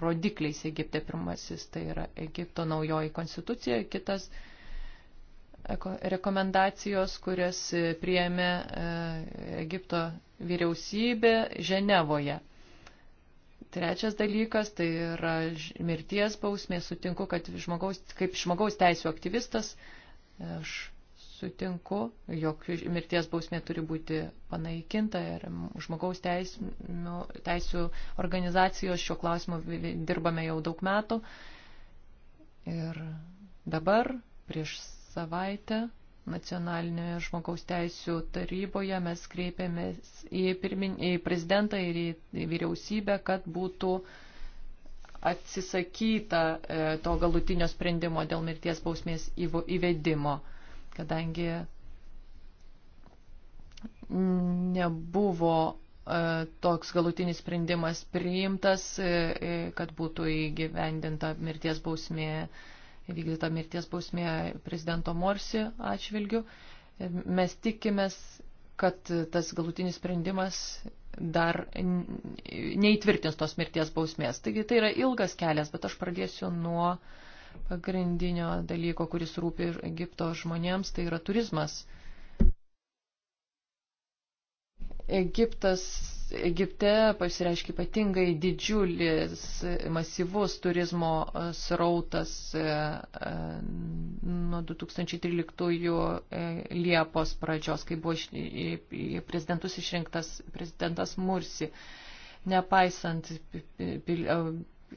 rodikliais Egipte. Pirmasis tai yra Egipto naujoji konstitucija, kitas rekomendacijos, kurias priėmė Egipto vyriausybė Ženevoje. Trečias dalykas tai yra mirties bausmė. Sutinku, kad žmogaus, kaip žmogaus teisų aktyvistas aš sutinku, jog mirties bausmė turi būti panaikinta ir žmogaus teisų, teisų organizacijos šiuo klausimu dirbame jau daug metų. Ir dabar, prieš savaitę, nacionalinėje žmogaus teisų taryboje mes kreipėmės į, pirmin, į prezidentą ir į, į vyriausybę, kad būtų atsisakyta e, to galutinio sprendimo dėl mirties bausmės įvedimo kadangi nebuvo e, toks galutinis sprendimas priimtas, e, e, kad būtų įgyvendinta mirties bausmė, įvykdyta mirties bausmė prezidento Morsi atšvilgių. Mes tikimės, kad tas galutinis sprendimas dar neįtvirtins tos mirties bausmės. Taigi tai yra ilgas kelias, bet aš pradėsiu nuo uh, pagrindinio dalyko, kuris rūpi ir Egipto žmonėms, tai yra turizmas. Egiptas, Egipte pasireiškia ypatingai didžiulis, masyvus turizmo srautas e, e, nuo 2013 e, Liepos pradžios, kai buvo prezidentus išrinktas prezidentas Mursi nepaisant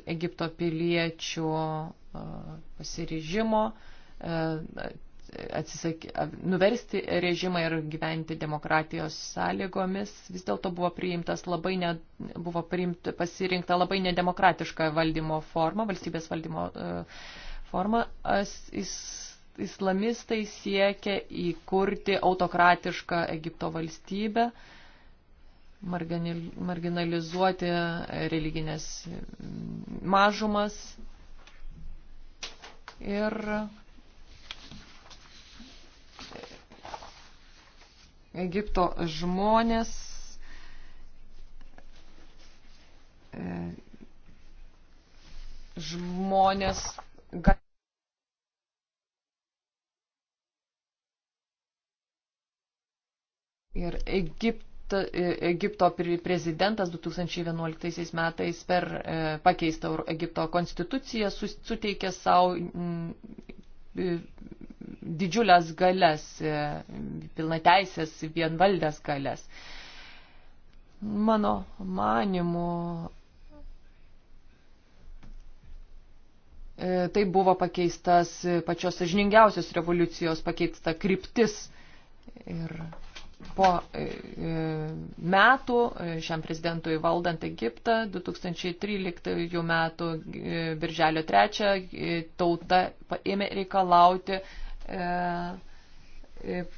Egipto piliečių pasiryžimo atsisaky, nuversti režimą ir gyventi demokratijos sąlygomis, vis dėlto buvo, priimtas labai ne, buvo priimt, pasirinkta labai nedemokratiška valdymo forma, valstybės valdymo forma. As, is, islamistai siekia įkurti autokratišką Egipto valstybę. Uh, marginalizuoti religinės mažumas ir Egipto žmonės e, žmonės ir Egipto E, Egipto prezidentas 2011 metais per e, pakeistą Egipto konstituciją suteikė savo mm, e, didžiulės galės, pilnateisės, vienvaldės galės. Mano manimu, tai buvo pakeistas pačios sažiningiausios revoliucijos pakeista kryptis. Ir po e, e, metų e, šiam prezidentui valdant Egiptą 2013 metų birželio 3 tauta ėmė reikalauti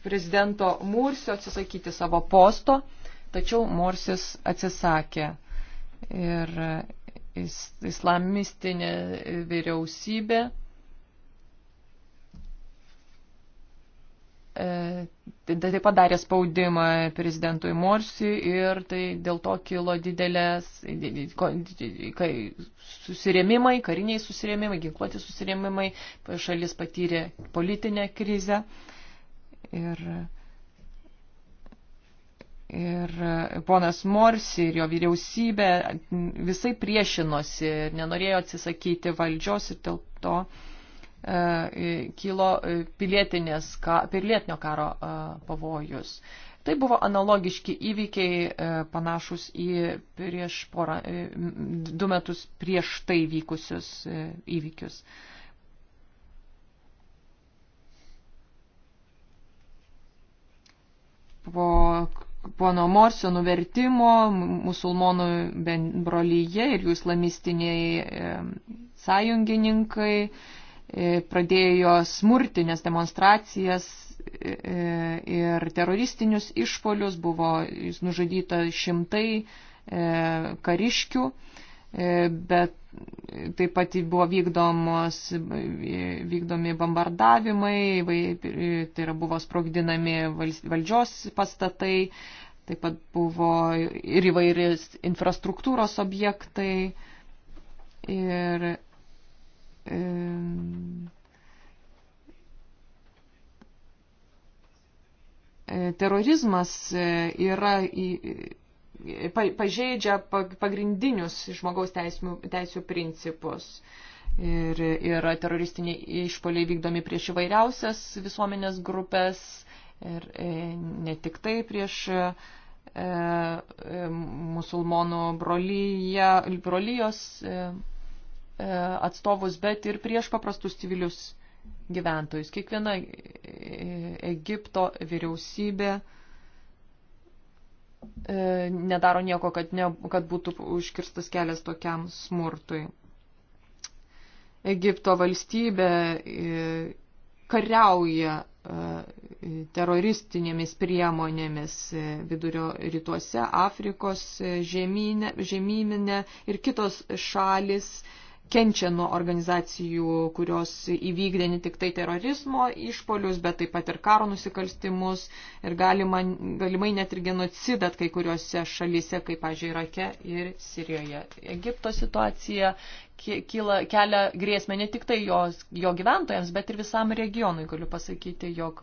prezidento Mursio atsisakyti savo posto, tačiau Mursis atsisakė. Ir islamistinė vyriausybė E, tai taip pat darė spaudimą prezidentui Morsi ir tai dėl to kilo didelės susirėmimai, kariniai susirėmimai, ginkluoti susirėmimai, šalis patyrė politinę krizę. Ir, ir ponas Morsi ir jo vyriausybė visai priešinosi ir nenorėjo atsisakyti valdžios ir dėl to. Uh, E, kilo e, ka, pilietinio karo e, pavojus. Tai buvo analogiški įvykiai panašus į prieš porą, du metus prieš tai vykusius įvykius. Po pono Morsio nuvertimo musulmonų brolyje ir jų islamistiniai sąjungininkai E, pradėjo smurtinės demonstracijas e, e, ir teroristinius išpolius, buvo nužudyta šimtai kariškių, bet taip pat buvo vykdomos, vykdomi bombardavimai, tai yra buvo sprogdinami valdžios pastatai, taip pat buvo ir įvairis infrastruktūros objektai. Ir terorizmas e, yra į, e, pažeidžia pagrindinius žmogaus teisų, teisų principus. Ir yra teroristiniai išpoliai vykdomi prieš įvairiausias visuomenės grupės ir e, ne tik tai prieš musulmonų brolyje, brolyjos E, atstovus, bet ir prieš paprastus civilius gyventojus. Kiekviena e, Egipto vyriausybė e, nedaro nieko, kad, ne, kad būtų užkirstas kelias tokiam smurtui. Egipto valstybė kariauja teroristinėmis priemonėmis vidurio rytuose, Afrikos žemynė, žemyninė ir kitos šalis kenčia nuo organizacijų, kurios įvykdė ne tik tai terorizmo išpolius, bet taip pat ir karo nusikalstimus ir galima, galimai net ir genocidą kai kuriuose šalyse, kaip, pažiūrėjau, Irake ir Sirijoje. Egipto situacija kyla, kelia grėsmę ne tik tai jos, jo gyventojams, bet ir visam regionui. Galiu pasakyti, jog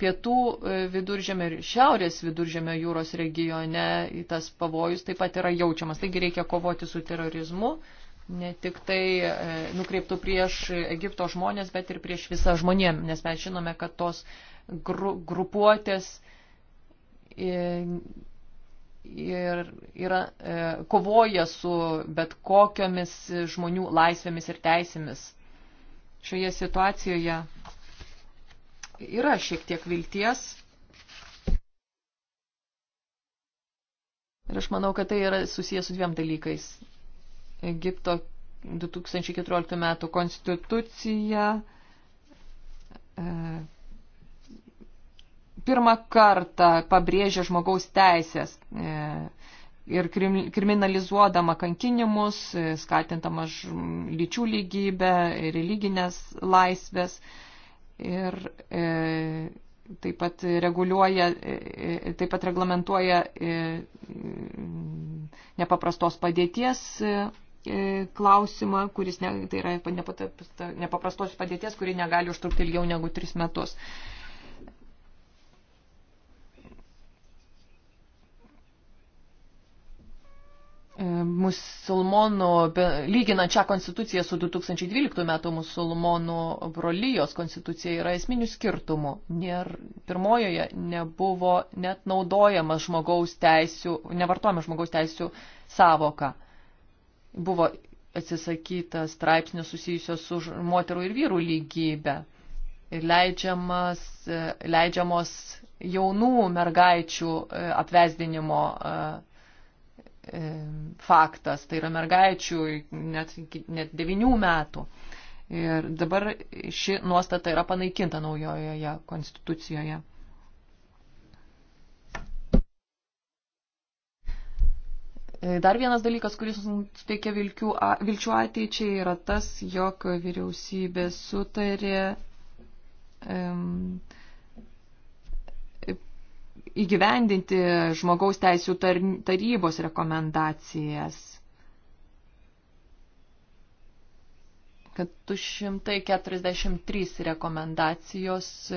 pietų e, viduržėmio ir šiaurės viduržėmio jūros regione tas pavojus taip pat yra jaučiamas. Taigi reikia kovoti su terorizmu ne tik tai e, nukreiptų prieš Egipto žmonės, bet ir prieš visą žmonėm, nes mes žinome, kad tos gru, grupuotės e, ir yra e, kovoja su bet kokiomis žmonių laisvėmis ir teisėmis. Šioje situacijoje yra šiek tiek vilties. Ir aš manau, kad tai yra susijęs su dviem dalykais. Egipto 2014 metų konstituciją. E, pirmą kartą pabrėžė žmogaus teisės e, ir kriminalizuodama kankinimus, e, skatintama lyčių lygybę, religinės laisvės ir taip pat reguliuoja, taip pat reglamentuoja nepaprastos padėties E, klausimą, kuris ne, tai yra nepaprastos padėties, kuri negali užtrukti ilgiau negu tris metus. E, musulmonų, lyginant šią konstituciją su 2012 metų musulmonų brolyjos konstitucija yra esminių skirtumų. Nėr, pirmojoje nebuvo net naudojama žmogaus teisių, nevartojama žmogaus teisių savoka buvo atsisakyta straipsnių susijusio su moterų ir vyrų lygybė. Ir leidžiamas, e, leidžiamos jaunų mergaičių e, apvesdinimo e, faktas, tai yra mergaičių net, net devinių metų. Ir dabar ši nuostata yra panaikinta naujojoje konstitucijoje. E, dar vienas dalykas, kuris suteikia vilkių, vilčių ateičiai, yra tas, jog vyriausybė sutarė um, įgyvendinti žmogaus teisų tar, tarybos rekomendacijas. Kad 243 rekomendacijos e,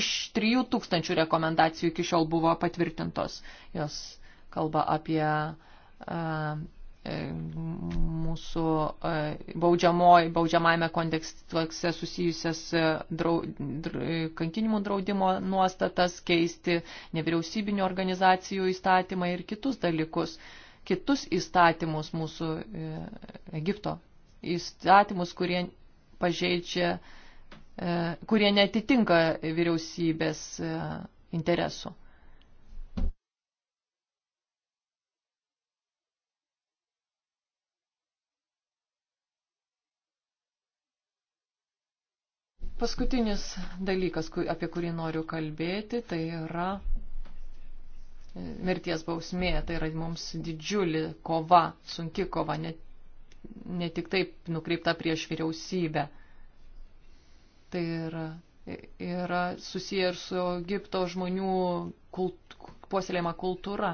iš 3000 rekomendacijų iki šiol buvo patvirtintos. Jos kalba apie uh, E, mūsų baudžiamajame kontekste susijusias e, drau, dra, e, kankinimų draudimo nuostatas keisti, nevyriausybinio organizacijų įstatymą ir kitus dalykus, kitus įstatymus mūsų Egipto, įstatymus, kurie pažeidžia, kurie netitinka vyriausybės interesų. Paskutinis dalykas, apie kurį noriu kalbėti, tai yra e, mirties bausmė. Tai yra mums didžiulė kova, sunki kova, ne, ne tik taip nukreipta prieš vyriausybę. Tai yra, e, yra susiję ir su Egipto žmonių kult, puoselėjama kultūra.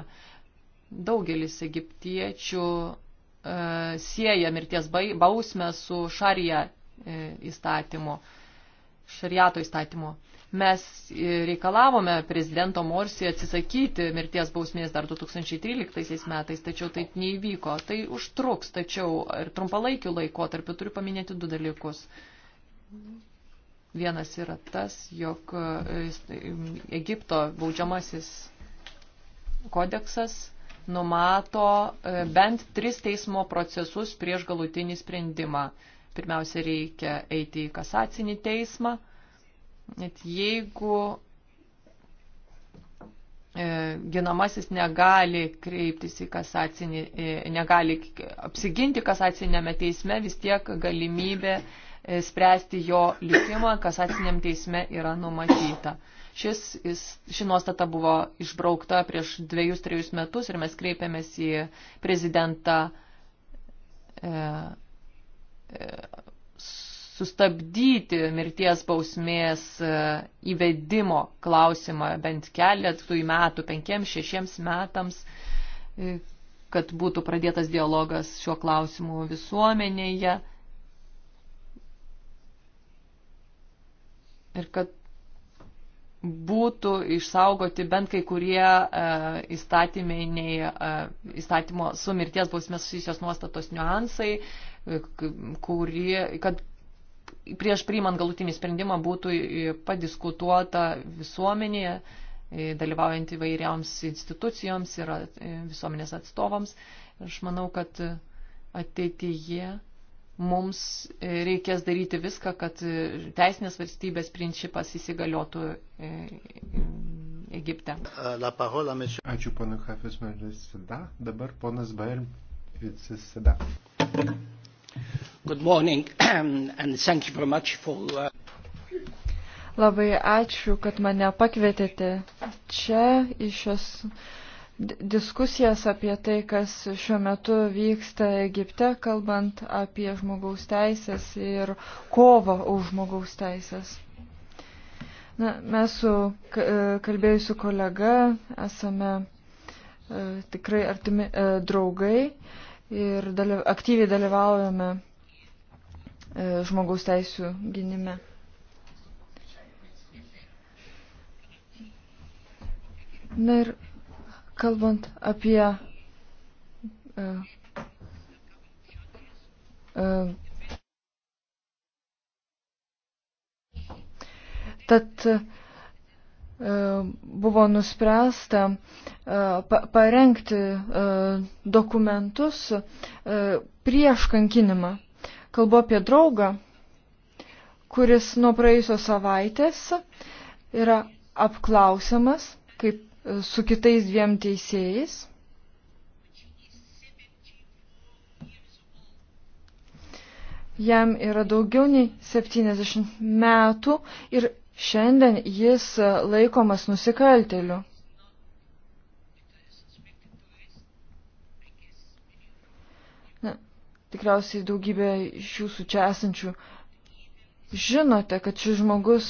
Daugelis egiptiečių e, sieja mirties bausmę su šarija e, įstatymu. E, šariato įstatymo. Mes e, reikalavome prezidento Morsi atsisakyti mirties bausmės dar 2013 metais, tačiau tai neįvyko. Tai užtruks, tačiau ir trumpalaikiu laikotarpiu turiu paminėti du dalykus. Vienas yra tas, jog e, e, Egipto baudžiamasis kodeksas numato bent tris teismo procesus prieš galutinį sprendimą pirmiausia reikia eiti į kasacinį teismą, net jeigu e, ginamasis negali kreiptis į kasacinį, e, negali apsiginti kasacinėme teisme, vis tiek galimybė e, spręsti jo likimą kasaciniam teisme yra numatyta. Šis, jis, ši nuostata buvo išbraukta prieš dviejus, trejus metus ir mes kreipėmės į prezidentą e, sustabdyti mirties bausmės e, įvedimo klausimą bent keletų metų, penkiems, šešiems metams, e, kad būtų pradėtas dialogas šiuo klausimu visuomenėje. Ir kad būtų išsaugoti bent kai kurie uh, įstatyminiai, uh, įstatymo su mirties bausmės susijusios nuostatos niuansai, uh, kurie, kad prieš priimant galutinį sprendimą būtų padiskutuota visuomenėje, dalyvaujant įvairiams institucijoms ir e, visuomenės atstovams. Aš manau, kad ateityje mums reikės daryti viską, kad teisinės valstybės principas įsigaliotų e, Egipte. Ačiū, ponu Hafizmeris Sida. Dabar ponas Bairn Vicis Sida. Good morning [CLEARS THROAT] and thank you very much for. Uh... Labai ačiū, kad mane pakvietėte čia į šios diskusijas apie tai, kas šiuo metu vyksta Egipte, kalbant apie žmogaus teisės ir kovą už žmogaus teisės. Na, mes su kalbėjusiu kolega esame e, tikrai artimi e, draugai ir dalyv, aktyviai dalyvaujame E, žmogaus teisų gynime. Na ir kalbant apie uh, uh, tad uh, buvo nuspręsta pa parengti dokumentus prieš kankinimą. Kalbu apie draugą, kuris nuo praėjusios savaitės yra apklausiamas kaip e, su kitais dviem teisėjais. Jam yra daugiau nei 70 metų ir šiandien jis e, laikomas nusikalteliu. tikriausiai daugybė iš jūsų čia esančių žinote, kad šis žmogus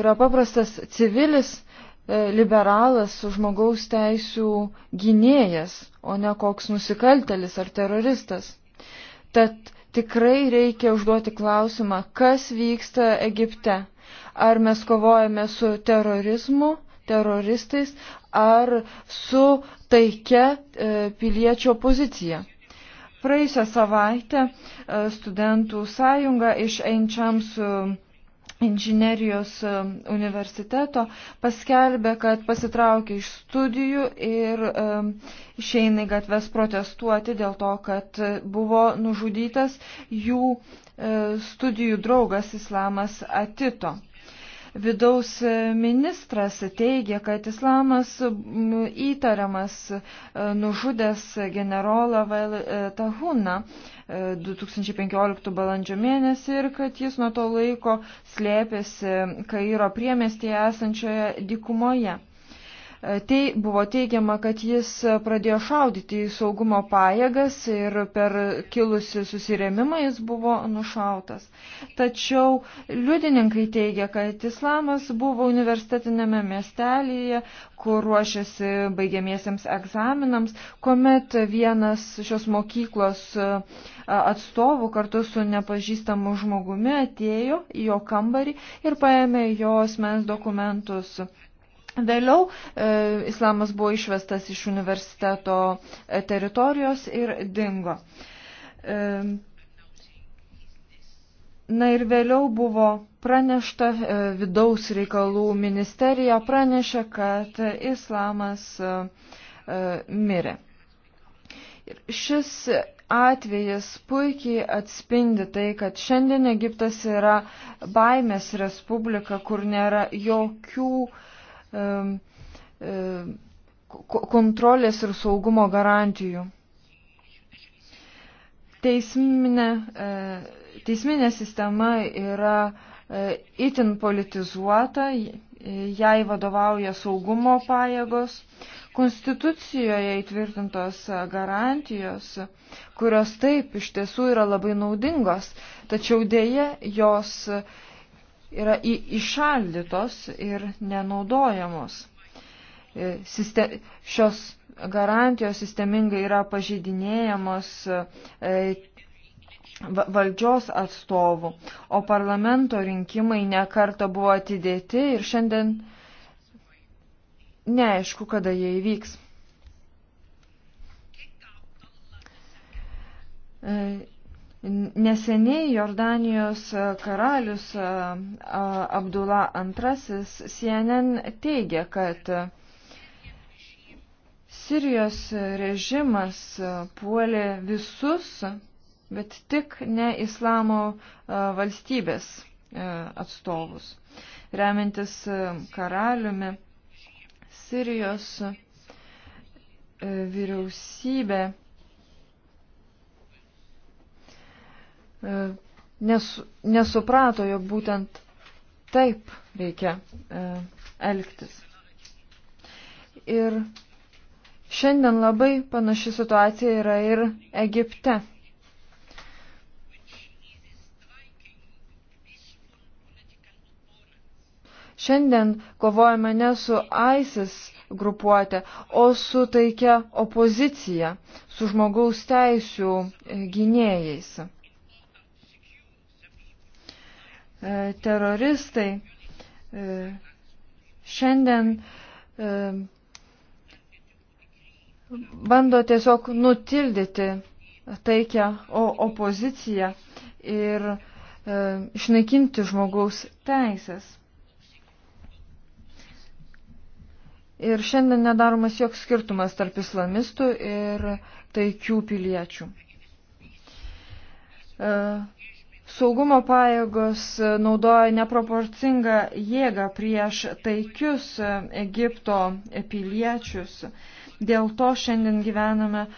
yra paprastas civilis, e, liberalas, žmogaus teisų gynėjas, o ne koks nusikaltelis ar teroristas. Tad tikrai reikia užduoti klausimą, kas vyksta Egipte. Ar mes kovojame su terorizmu, teroristais, ar su taikia e, piliečio pozicija. Praėjusią savaitę e, studentų sąjunga iš Einčiams e, inžinerijos e, universiteto paskelbė, kad pasitraukė iš studijų ir išeina į gatves protestuoti dėl to, kad buvo nužudytas jų studijų draugas Islamas Atito. Vidaus ministras teigia, kad islamas įtariamas e, nužudęs generolą Vail e, Tahuną 2015 e, balandžio mėnesį ir kad jis nuo to laiko slėpėsi Kairo priemestėje esančioje dikumoje. Tei buvo teigiama, kad jis pradėjo šaudyti į saugumo pajėgas ir per kilusi susirėmimą jis buvo nušautas. Tačiau liudininkai teigia, kad islamas buvo universitetinėme miestelėje, kur ruošiasi baigiamiesiems egzaminams, kuomet vienas šios mokyklos atstovų kartu su nepažįstamu žmogumi atėjo į jo kambarį ir paėmė jos mens dokumentus. Vėliau e, islamas buvo išvestas iš universiteto e, teritorijos ir dingo. E, na ir vėliau buvo pranešta, e, vidaus reikalų ministerija pranešė, kad islamas e, e mirė. Ir šis atvejis puikiai atspindi tai, kad šiandien Egiptas yra baimės respublika, kur nėra jokių e, kontrolės ir saugumo garantijų. Teisminė, e, teisminė sistema yra e, itin politizuota, jai vadovauja saugumo pajėgos. Konstitucijoje įtvirtintos garantijos, kurios taip iš tiesų yra labai naudingos, tačiau dėje jos yra išaldytos ir nenaudojamos. E, siste, šios garantijos sistemingai yra pažeidinėjamos e, valdžios atstovų, o parlamento rinkimai nekarta buvo atidėti ir šiandien neaišku, kada jie įvyks. E, Neseniai Jordanijos karalius Abdullah II CNN teigia, kad Sirijos režimas puolė visus, bet tik ne islamo valstybės atstovus. Remiantis karaliumi, Sirijos vyriausybė E, nes, nesuprato, jog būtent taip reikia e, elgtis. Ir šiandien labai panaši situacija yra ir Egipte. Šiandien kovojame ne su ISIS grupuotė, o su taikia opozicija, su žmogaus teisų e, gynėjais. E, teroristai. E, šiandien e, bando tiesiog nutildyti taikę opoziciją ir išnaikinti žmogaus teisės. Ir šiandien nedaromas joks skirtumas tarp islamistų ir taikių piliečių. E, Saugumo pajėgos e, naudoja neproporcingą jėgą prieš taikius e, Egipto piliečius. Dėl to šiandien gyvename e,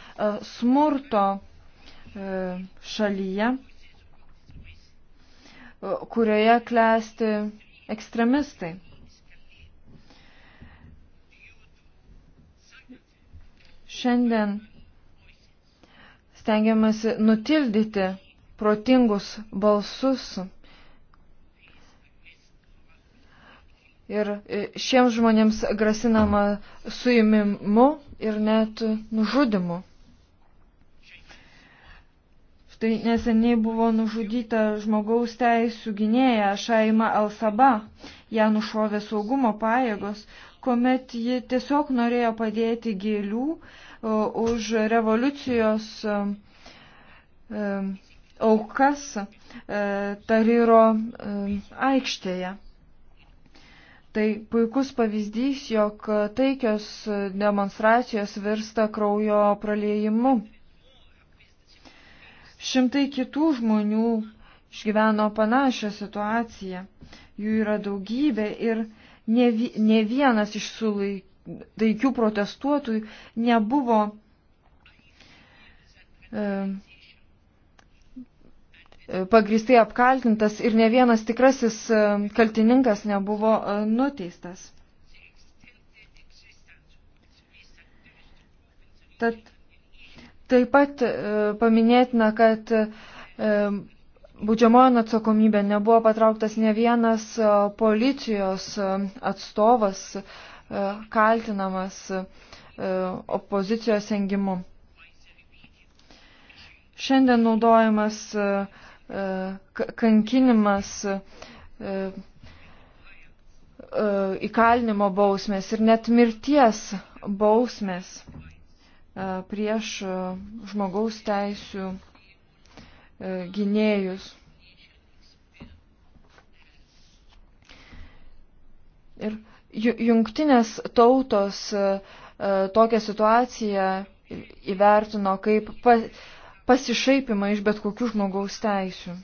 smurto šalyje, kurioje klesti ekstremistai. Šiandien stengiamasi nutildyti protingus balsus. Ir e, šiems žmonėms grasinama suimimu ir net nužudimu. Štai neseniai buvo nužudyta žmogaus teisų gynėja Šaima Alsaba. Ją nušovė saugumo pajėgos, kuomet ji tiesiog norėjo padėti gėlių e, už revoliucijos e, aukas e, Tariro e, aikštėje. Tai puikus pavyzdys, jog taikios demonstracijos virsta kraujo praliejimu. Šimtai kitų žmonių išgyveno panašią situaciją. Jų yra daugybė ir ne, ne vienas iš sulaikių protestuotojų nebuvo e, E, pagristai apkaltintas ir ne vienas tikrasis e, kaltininkas nebuvo e, nuteistas. Tad taip pat paminėtina, kad Būdžiamojo atsakomybė nebuvo patrauktas ne vienas policijos atstovas kaltinamas opozicijos engimu. Šiandien naudojamas uh, E, kankinimas, e, e, įkalinimo bausmės ir net mirties bausmės prieš žmogaus teisų gynėjus. Ir jungtinės tautos tokią situaciją įvertino kaip pasišaipimą iš bet kokių žmogaus teisių.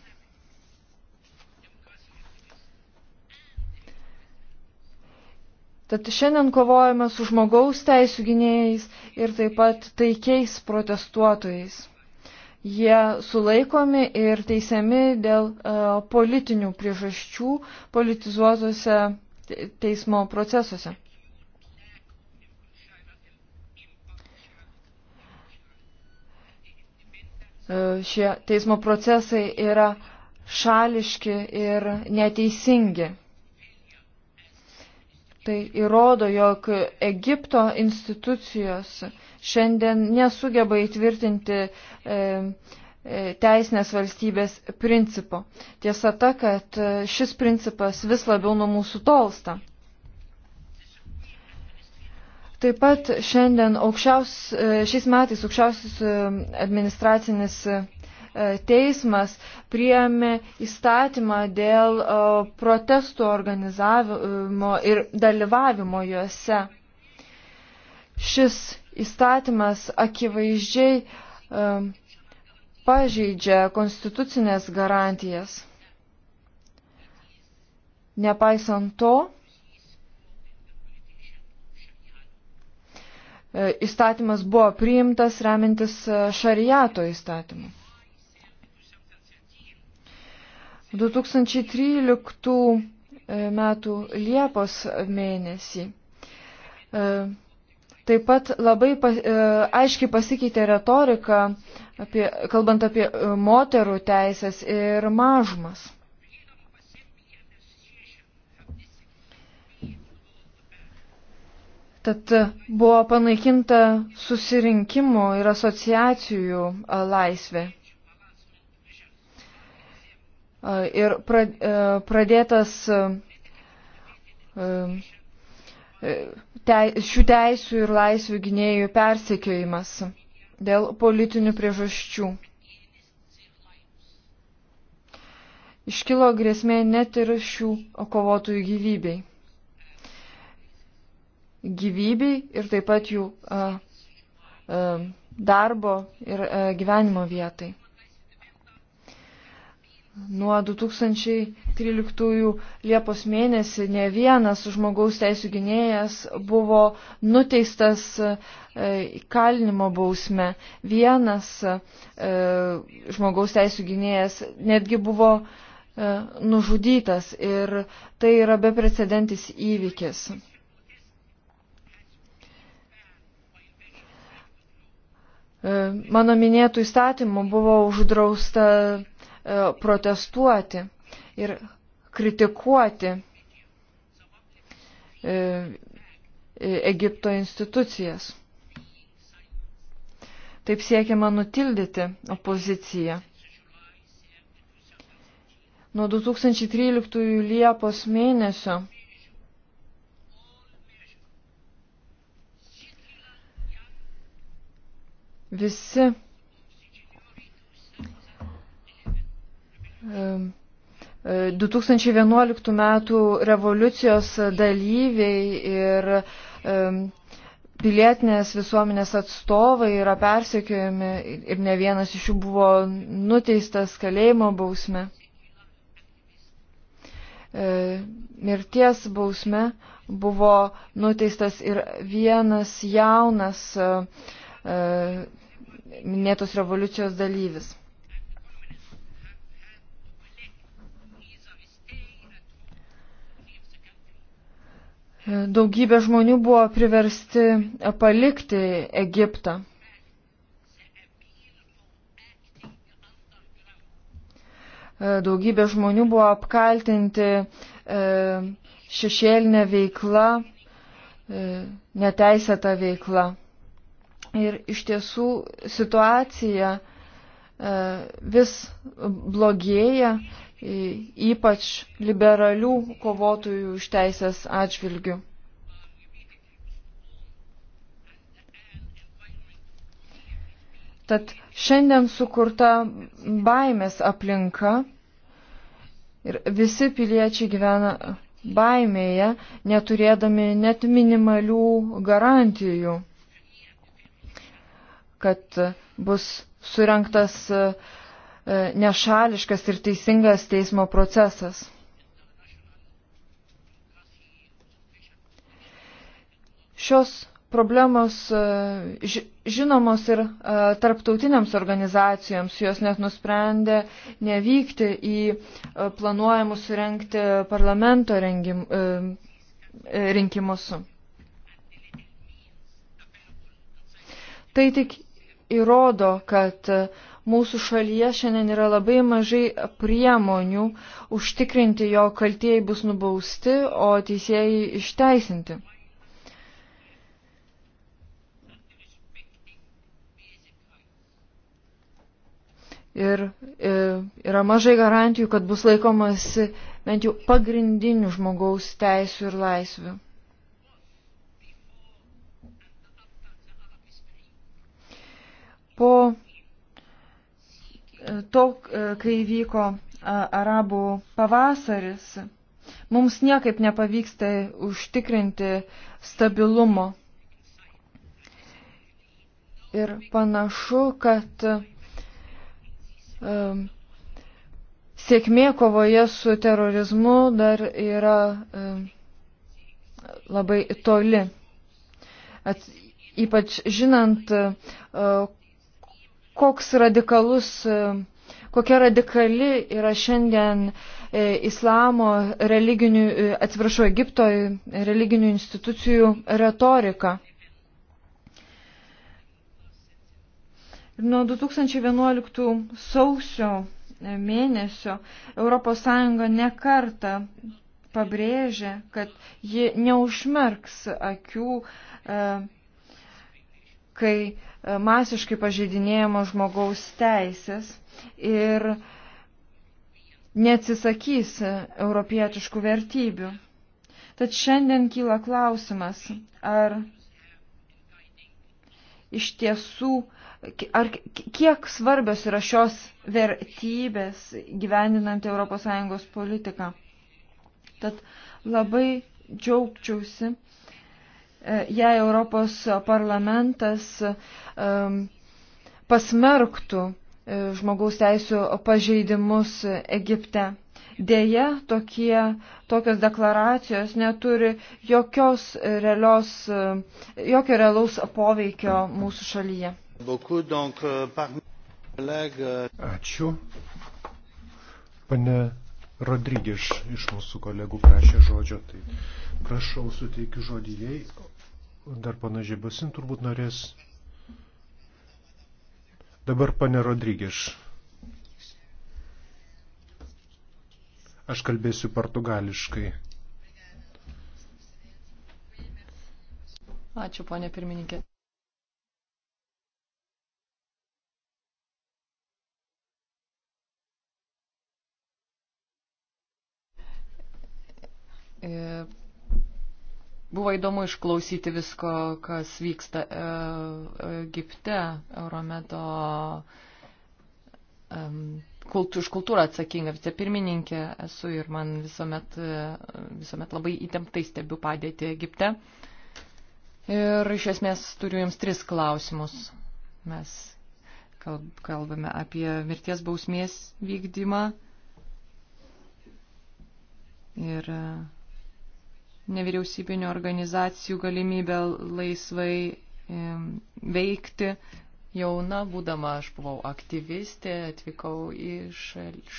Tad šiandien kovojame su žmogaus teisų gynėjais ir taip pat taikiais protestuotojais. Jie sulaikomi ir teisiami dėl e, politinių priežasčių politizuotose teismo procesuose. E, šie teismo procesai yra šališki ir neteisingi. Tai įrodo, jog Egipto institucijos šiandien nesugeba įtvirtinti e, e teisinės valstybės principo. Tiesa ta, kad e, šis principas vis labiau nuo mūsų tolsta. Taip pat šiandien aukščiaus, e, šiais metais aukščiausias e, administracinis e, teismas priėmė įstatymą dėl protestų organizavimo ir dalyvavimo juose. Šis įstatymas akivaizdžiai pažeidžia konstitucinės garantijas. Nepaisant to, E, įstatymas buvo priimtas remintis e, šariato įstatymu. 2013 e, metų Liepos mėnesį taip pat labai pas, aiškiai pasikeitė retorika, apie, kalbant apie moterų teisės ir mažumas. Tad e, buvo panaikinta susirinkimų ir asociacijų e, laisvė. E, ir pradėtas šių teisių ir laisvių gynėjų persekiojimas dėl politinių priežasčių. Iškilo grėsmė net ir šių kovotojų gyvybei gyvybei ir taip pat jų a, a, darbo ir a, gyvenimo vietai. Nuo 2013 Liepos mėnesį ne vienas žmogaus teisų gynėjas buvo nuteistas kalinimo bausme. Vienas žmogaus teisų gynėjas netgi buvo nužudytas ir tai yra beprecedentis įvykis. E, mano minėtų įstatymų buvo uždrausta e, protestuoti ir kritikuoti e, Egipto institucijas. Taip siekiama nutildyti opoziciją. Nuo 2013 Liepos mėnesio visi um, 2011 uh, metų revoliucijos dalyviai ir um, pilietinės visuomenės atstovai yra persekiojami ir ne vienas iš jų buvo nuteistas kalėjimo bausme. E, mirties bausme buvo nuteistas ir vienas jaunas e, minėtos revoliucijos dalyvis. Daugybė žmonių buvo priversti palikti Egiptą. Daugybė žmonių buvo apkaltinti e, šešėlinę veiklą, e, neteisėtą veiklą. Ir iš tiesų situacija e, vis blogėja, ypač liberalių kovotojų iš teisės atžvilgių. Tad šiandien sukurta baimės aplinka ir visi piliečiai gyvena baimėje, neturėdami net minimalių garantijų kad bus surinktas e, nešališkas ir teisingas teismo procesas. Šios problemos e, žinomos ir e, tarptautiniams organizacijoms, jos net nusprendė nevykti į planuojamus surenkti parlamento rengim, rinkimus. Tai tik įrodo, kad mūsų šalyje šiandien yra labai mažai priemonių užtikrinti, jo kaltieji bus nubausti, o teisėjai išteisinti. ir e, yra mažai garantijų, kad bus laikomasi bent jau pagrindinių žmogaus teisų ir laisvių. po e, to, e, kai vyko arabų pavasaris, mums niekaip nepavyksta užtikrinti stabilumo. Ir panašu, kad um, sėkmė kovoje su terorizmu dar yra um, labai toli. At, ypač žinant, uh, koks radikalus, e, kokia radikali yra šiandien e, islamo religinių, e, atsiprašau, Egipto religinių institucijų retorika. Nuo 2011 sausio mėnesio ES nekarta pabrėžė, kad ji neužmerks akių, kai E, masiškai pažeidinėjamos žmogaus teisės ir neatsisakys europietiškų vertybių. Tad šiandien kyla klausimas, ar iš tiesų, ar kiek svarbios yra šios vertybės gyveninant ES politiką. Tad labai džiaugčiausi, E, jei Europos parlamentas e, pasmerktų e, žmogaus teisų pažeidimus Egipte. Deja, tokie, tokios deklaracijos neturi jokios realios, jokio realaus poveikio mūsų šalyje. Euh, euh, Ačiū. Pane Rodrygiš iš mūsų kolegų prašė žodžio. Tai Prašau, suteikiu žodį jai. Dar panažiai basin turbūt norės. Dabar pane Rodrygiš. Aš kalbėsiu portugališkai. Ačiū, ponė pirmininkė. Buvo įdomu išklausyti visko, kas vyksta e, Egipte, Eurometo kultū, už kultūrą atsakinga vicepirmininkė esu ir man visuomet, e, visuomet labai įtemptai stebiu padėti Egipte. Ir iš esmės turiu jums tris klausimus. Mes kalbame apie mirties bausmės vykdymą. Ir uh, nevyriausybinio organizacijų galimybę laisvai veikti. Jauna būdama aš buvau aktyvistė, atvykau iš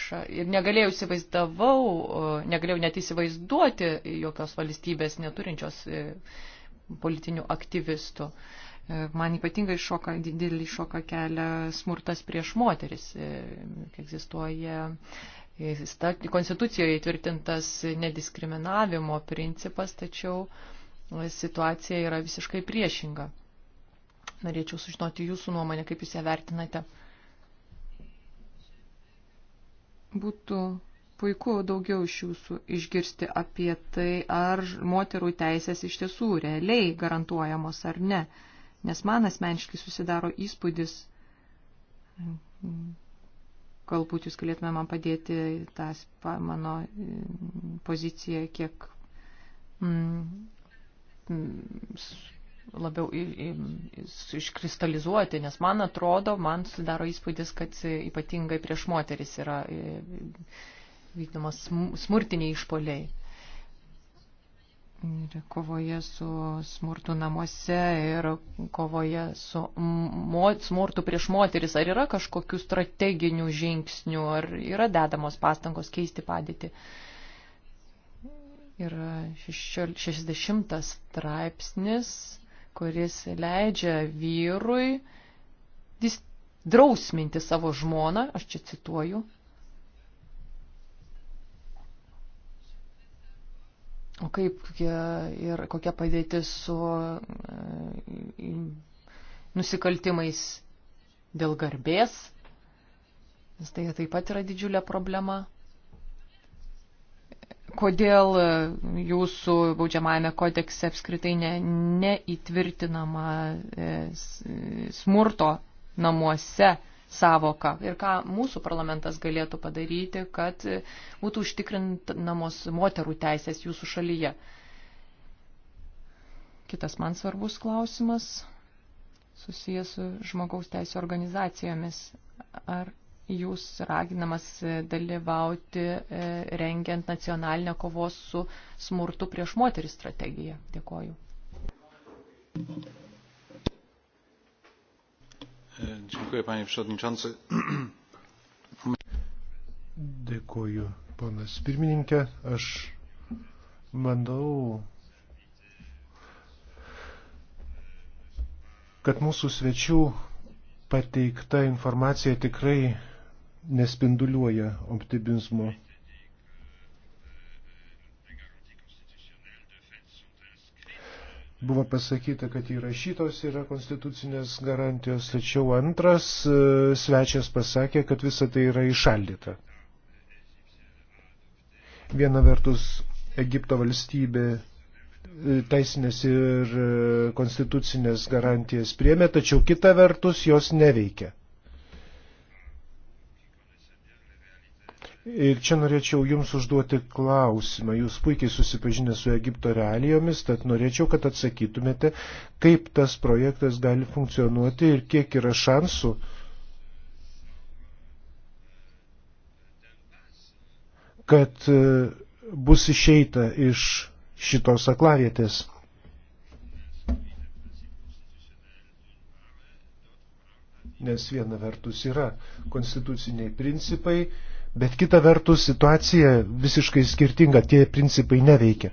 ša, ir negalėjau įsivaizdavau, negalėjau net įsivaizduoti jokios valstybės neturinčios e, politinių aktyvistų. E, man ypatingai šoka, didelį šoką kelia smurtas prieš moteris, e, egzistuoja Konstitucijoje įtvirtintas nediskriminavimo principas, tačiau e, situacija yra visiškai priešinga. Norėčiau sužinoti jūsų nuomonę, kaip jūs ją vertinate. Būtų puiku daugiau iš jūsų išgirsti apie tai, ar moterų teisės iš tiesų realiai garantuojamos ar ne. Nes man asmeniškai susidaro įspūdis, galbūt jūs galėtume man padėti tą mano poziciją kiek mm, labiau iškristalizuoti, nes man atrodo, man sudaro įspūdis, kad ypatingai prieš moteris yra e, vykdomas smurtiniai išpoliai ir kovoje su smurtu namuose ir kovoje su mo, smurtu prieš moteris. Ar yra kažkokių strateginių žingsnių, ar yra dedamos pastangos keisti padėtį? Yra 60 straipsnis, kuris leidžia vyrui drausminti savo žmoną, aš čia cituoju, O kaip ir kokia padėtis su e, nusikaltimais dėl garbės, nes tai taip pat yra didžiulė problema. Kodėl jūsų baudžiamajame kodekse apskritai ne, neįtvirtinama e, smurto namuose savoką ir ką mūsų parlamentas galėtų padaryti, kad būtų užtikrinamos moterų teisės jūsų šalyje. Kitas man svarbus klausimas susijęs su žmogaus teisų organizacijomis. Ar jūs raginamas dalyvauti e, rengiant nacionalinę kovos su smurtu prieš moterį strategiją? Dėkoju. Dziękuję, panie przewodniczący. Dėkuoju, ponas pirmininkė. Aš manau, kad mūsų svečių pateikta informacija tikrai nespinduliuoja optimizmo. Buvo pasakyta, kad įrašytos yra konstitucinės garantijos, tačiau antras e, svečias pasakė, kad visa tai yra išaldyta. Viena vertus, Egipto valstybė e, teisinės ir e, konstitucinės garantijas priemė, tačiau kita vertus jos neveikia. Ir čia norėčiau Jums užduoti klausimą. Jūs puikiai susipažinę su Egipto realijomis, tad norėčiau, kad atsakytumėte, kaip tas projektas gali funkcionuoti ir kiek yra šansų. kad e, bus išeita iš šitos aklavietės. Nes viena vertus yra konstituciniai principai, Bet kita vertus situacija visiškai skirtinga, tie principai neveikia.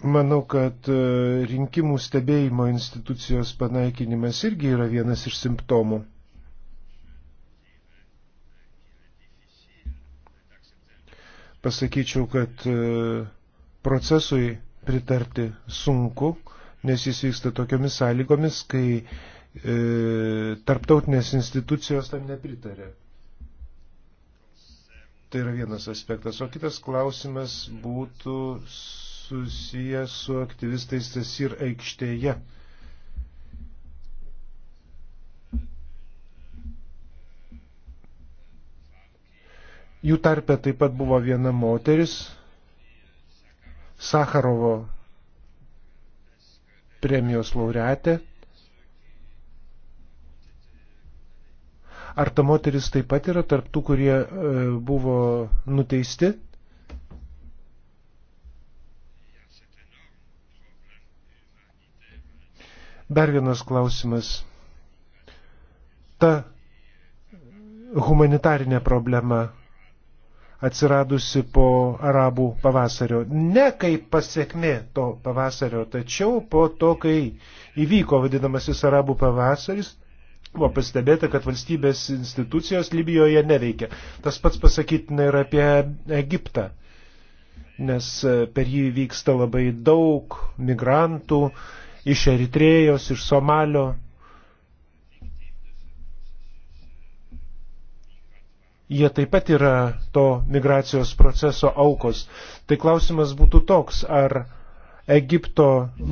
Manau, kad e, rinkimų stebėjimo institucijos panaikinimas irgi yra vienas iš simptomų. Pasakyčiau, kad e, procesui pritarti sunku, nes jis vyksta tokiomis sąlygomis, kai e, tarptautinės institucijos tam nepritarė. Tai yra vienas aspektas. O kitas klausimas būtų susijęs su aktyvistais Tasir aikštėje. Jų tarpe taip pat buvo viena moteris, Sakarovo premijos laureatė. Ar ta moteris taip pat yra tarptų, kurie e, buvo nuteisti? Dar vienas klausimas. Ta humanitarinė problema atsiradusi po arabų pavasario. Ne kaip pasiekmė to pavasario, tačiau po to, kai įvyko vadinamasis arabų pavasaris, buvo pastebėta, kad valstybės institucijos Libijoje neveikia. Tas pats pasakytina ir apie Egiptą, nes e, per jį vyksta labai daug migrantų iš Eritrėjos, iš Somalio, jie taip pat yra to migracijos proceso aukos. Tai klausimas būtų toks, ar Egipto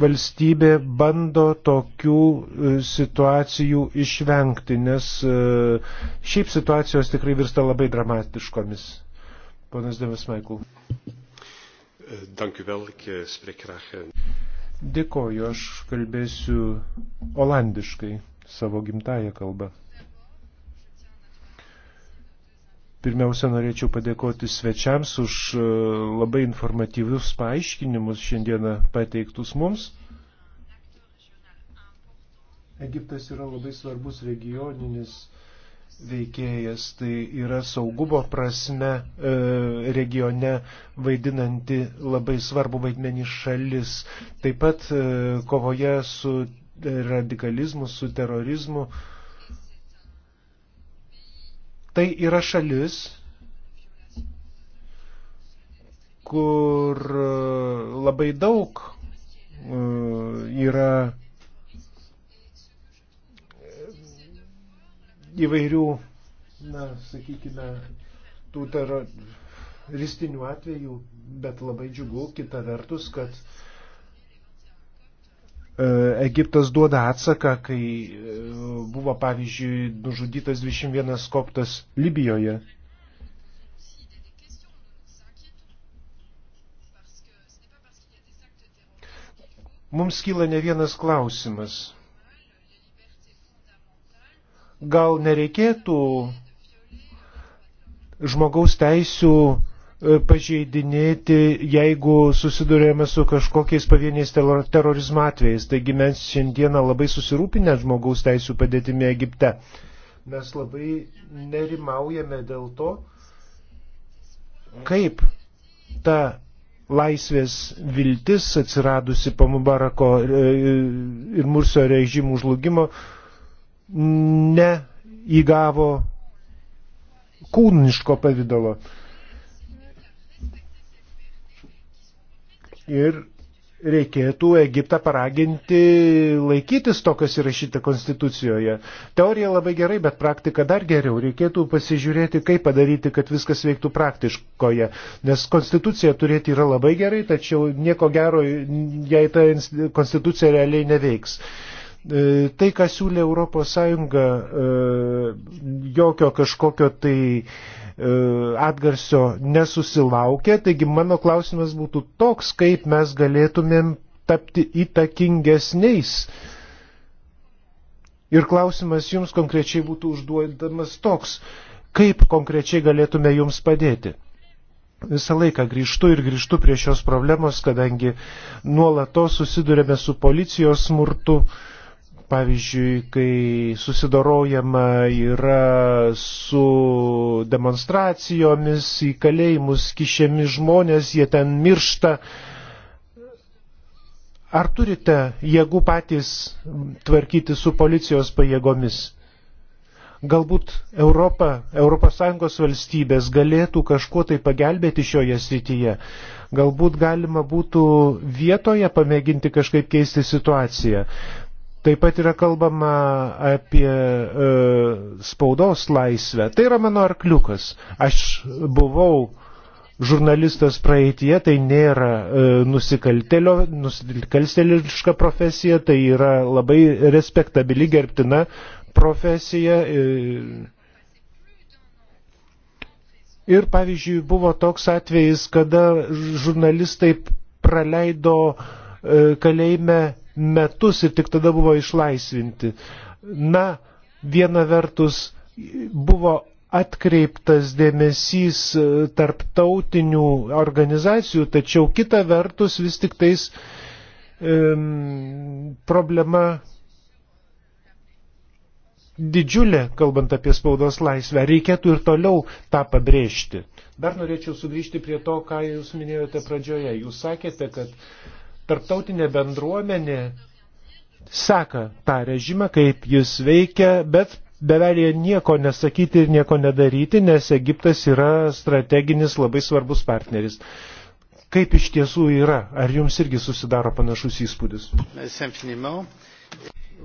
valstybė bando tokių e, situacijų išvengti, nes e, šiaip situacijos tikrai virsta labai dramatiškomis. Ponas Demis Maikul. Eh, eh, Dėkoju, aš kalbėsiu olandiškai savo gimtają kalbą. Pirmiausia, norėčiau padėkoti svečiams už e, labai informatyvius paaiškinimus šiandieną pateiktus mums. Egiptas yra labai svarbus regioninis veikėjas, tai yra saugumo prasme e, regione vaidinanti labai svarbu vaidmenį šalis. Taip pat e, kovoje su radikalizmu, su terorizmu Tai yra šalis, kur e, labai daug e, yra įvairių, na, sakykime, tų teroristinių atvejų, bet labai džiugu kita vertus, kad E, Egiptas duoda atsaką, kai e, buvo, pavyzdžiui, nužudytas 21 koptas Libijoje. Mums kyla ne vienas klausimas. Gal nereikėtų žmogaus teisų E, pažeidinėti, jeigu susidurėjome su kažkokiais pavieniais terorizmo atvejais. Taigi mes šiandieną labai susirūpinę žmogaus teisų padėtimi Egipte. Mes labai nerimaujame dėl to, kaip ta laisvės viltis atsiradusi po Mubarako e, ir Mursio režimų žlugimo neįgavo kūniško pavydalo. Ir reikėtų Egiptą paraginti laikytis to, kas įrašyta konstitucijoje. Teorija labai gerai, bet praktika dar geriau. Reikėtų pasižiūrėti, kaip padaryti, kad viskas veiktų praktiškoje. Nes konstitucija turėti yra labai gerai, tačiau nieko gero, jei ta konstitucija realiai neveiks. E, tai, ką siūlė Europos Sąjunga, e, jokio kažkokio tai E, atgarsio nesusilaukė. Taigi mano klausimas būtų toks, kaip mes galėtumėm tapti įtakingesniais. Ir klausimas jums konkrečiai būtų užduodamas toks, kaip konkrečiai galėtume jums padėti visą laiką grįžtu ir grįžtu prie šios problemos, kadangi nuolatos susidurėme su policijos smurtu, Pavyzdžiui, kai susidorojama yra su demonstracijomis, į kalėjimus kišiami žmonės, jie ten miršta. Ar turite jėgų patys tvarkyti su policijos pajėgomis? Galbūt Europa, ES valstybės galėtų kažkuo tai pagelbėti šioje srityje. Galbūt galima būtų vietoje pamėginti kažkaip keisti situaciją. Taip pat yra kalbama apie e, spaudos laisvę. Tai yra mano arkliukas. Aš buvau žurnalistas praeitie, tai nėra e, nusikalteliška profesija, tai yra labai respektabili, gerbtina profesija. E, Ir pavyzdžiui, buvo toks atvejis, kada žurnalistai praleido e, kalėjime metus ir tik tada buvo išlaisvinti. Na, viena vertus buvo atkreiptas dėmesys e, tarptautinių organizacijų, tačiau kita vertus vis tik tais um, problema didžiulė, kalbant apie spaudos laisvę. Reikėtų ir toliau tą pabrėžti. Dar norėčiau sugrįžti prie to, ką Jūs minėjote pradžioje. Jūs sakėte, kad tarptautinė bendruomenė seka tą režimą, kaip jis veikia, bet beveik nieko nesakyti ir nieko nedaryti, nes Egiptas yra strateginis labai svarbus partneris. Kaip iš tiesų yra? Ar jums irgi susidaro panašus įspūdis?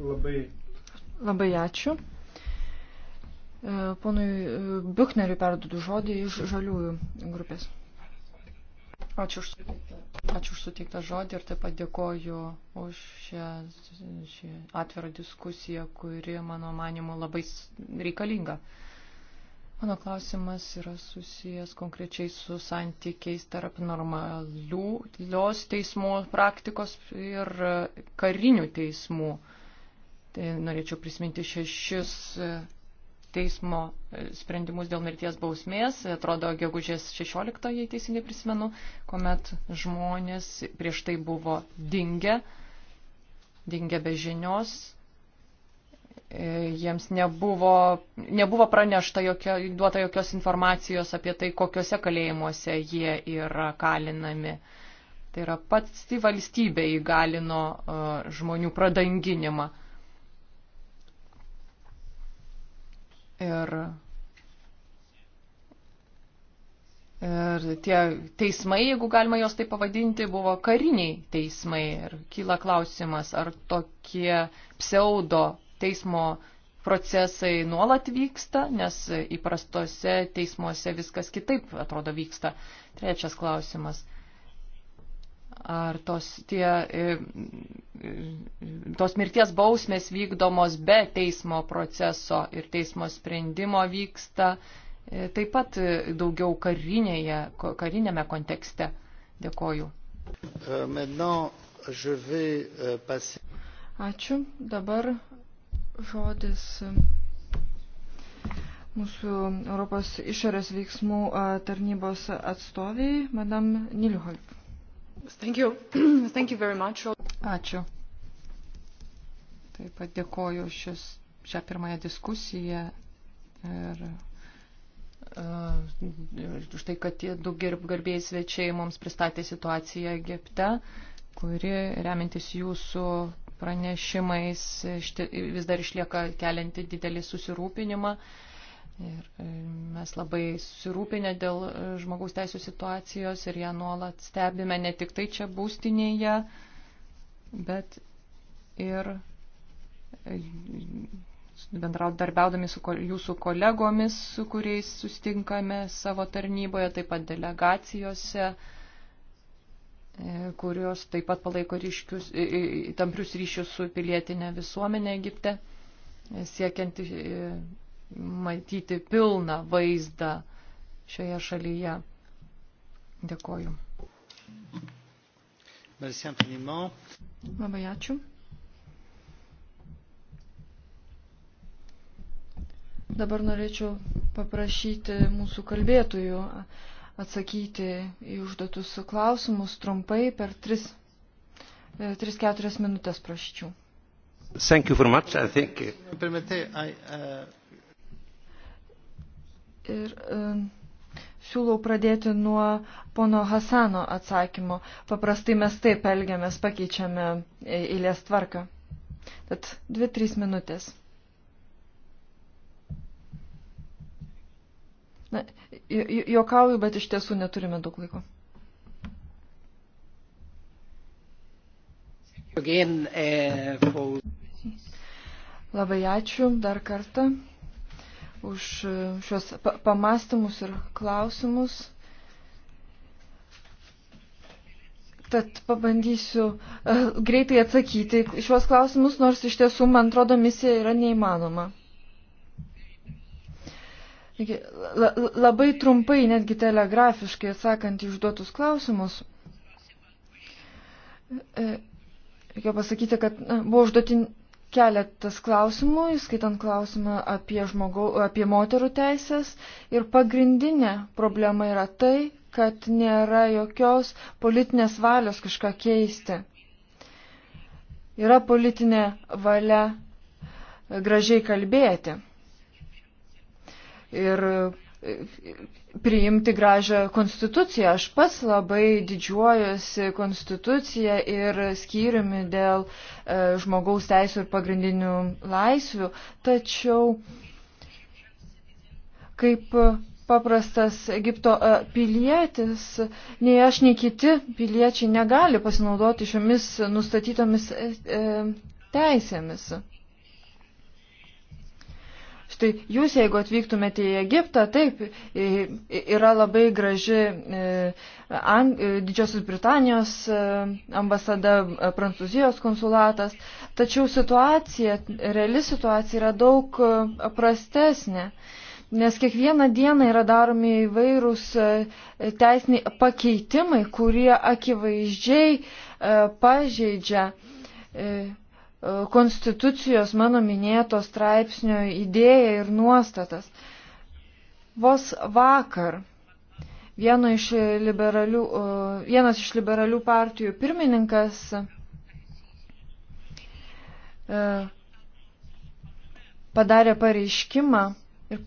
Labai, labai ačiū. E, ponui Buchneriui perdudu žodį iš žaliųjų grupės. Ačiū už, ačiū už suteiktą žodį ir taip pat dėkoju už šią, šią atvirą diskusiją, kuri, mano manimu, labai reikalinga. Mano klausimas yra susijęs konkrečiai su santykiais tarp normalios teismų praktikos ir karinių teismų. Tai norėčiau prisiminti šešis teismo e, sprendimus dėl mirties bausmės, atrodo, gegužės 16, jei teisingai prisimenu, kuomet žmonės prieš tai buvo dingę, dingę be žinios, e, jiems nebuvo, nebuvo pranešta, jokio, duota jokios informacijos apie tai, kokiuose kalėjimuose jie yra kalinami. Tai yra pats valstybė įgalino e, žmonių pradanginimą. Ir, ir tie teismai, jeigu galima juos taip pavadinti, buvo kariniai teismai. Ir kyla klausimas, ar tokie pseudo teismo procesai nuolat vyksta, nes įprastose teismuose viskas kitaip atrodo vyksta. Trečias klausimas ar tos, tie, e, e, tos mirties bausmės vykdomos be teismo proceso ir teismo sprendimo vyksta e, taip pat daugiau karinėje, karinėme kontekste. Dėkoju. Euh, euh, Ačiū. Dabar žodis mūsų Europos išorės veiksmų tarnybos atstoviai, madam Nilholp. Thank you. [CLEARS THROAT] Thank you very much. Ačiū. Taip pat dėkoju šis, šią pirmąją diskusiją ir e, už tai, kad tie du garbėjai svečiai mums pristatė situaciją Egipte, kuri remintis jūsų pranešimais vis dar išlieka kelinti didelį susirūpinimą. Uh, Ir e, mes labai susirūpinę dėl e, žmogaus teisų situacijos ir ją nuolat stebime ne tik tai čia būstinėje, bet ir e, bendraudarbiaudami su jūsų kolegomis, su kuriais sustinkame savo tarnyboje, taip pat delegacijose, kurios taip pat palaiko ryškius, tamprius ryšius su pilietinė visuomenė Egipte, siekiant matyti pilną vaizdą šioje šalyje. Dėkoju. Labai ačiū. Dabar norėčiau paprašyti mūsų kalbėtojų atsakyti į užduotus klausimus trumpai per 3-4 e, minutės prašyčiau. Thank you very much. I think. Permettez, I, uh... Ir e, siūlau pradėti nuo pono Hasano atsakymo. Paprastai mes taip elgiamės, pakeičiame eilės tvarką. Tad 2-3 minutės. Na, jokauju, bet iš tiesų neturime daug laiko. Again, uh, for... Labai ačiū dar kartą už e, šios pamastymus ir klausimus. Tad pabandysiu e, greitai atsakyti šios klausimus, nors iš tiesų, man atrodo, misija yra neįmanoma. Labai trumpai, netgi telegrafiškai atsakant išduotus klausimus, e, reikia pasakyti, kad na, buvo užduoti keletas klausimų, įskaitant klausimą apie, žmogau, apie moterų teisės. Ir pagrindinė problema yra tai, kad nėra jokios politinės valios kažką keisti. Yra politinė valia gražiai kalbėti. Ir priimti gražią konstituciją. Aš pats labai didžiuojuosi konstituciją ir skyriumi dėl e, žmogaus teisų ir pagrindinių laisvių, tačiau kaip paprastas Egipto e, pilietis, nei aš, nei kiti piliečiai negali pasinaudoti šiomis nustatytomis e, e, teisėmis. Štai jūs, jeigu atvyktumėte į Egiptą, taip, yra labai graži e, e, Didžiosios Britanijos e, ambasada, Prancūzijos konsulatas, tačiau situacija, reali situacija yra daug prastesnė nes kiekvieną dieną yra daromi įvairūs teisiniai pakeitimai, kurie akivaizdžiai pažeidžia konstitucijos mano minėto straipsnio idėją ir nuostatas. Vos vakar vieno iš liberalių, vienas iš liberalių partijų pirmininkas e, padarė pareiškimą ir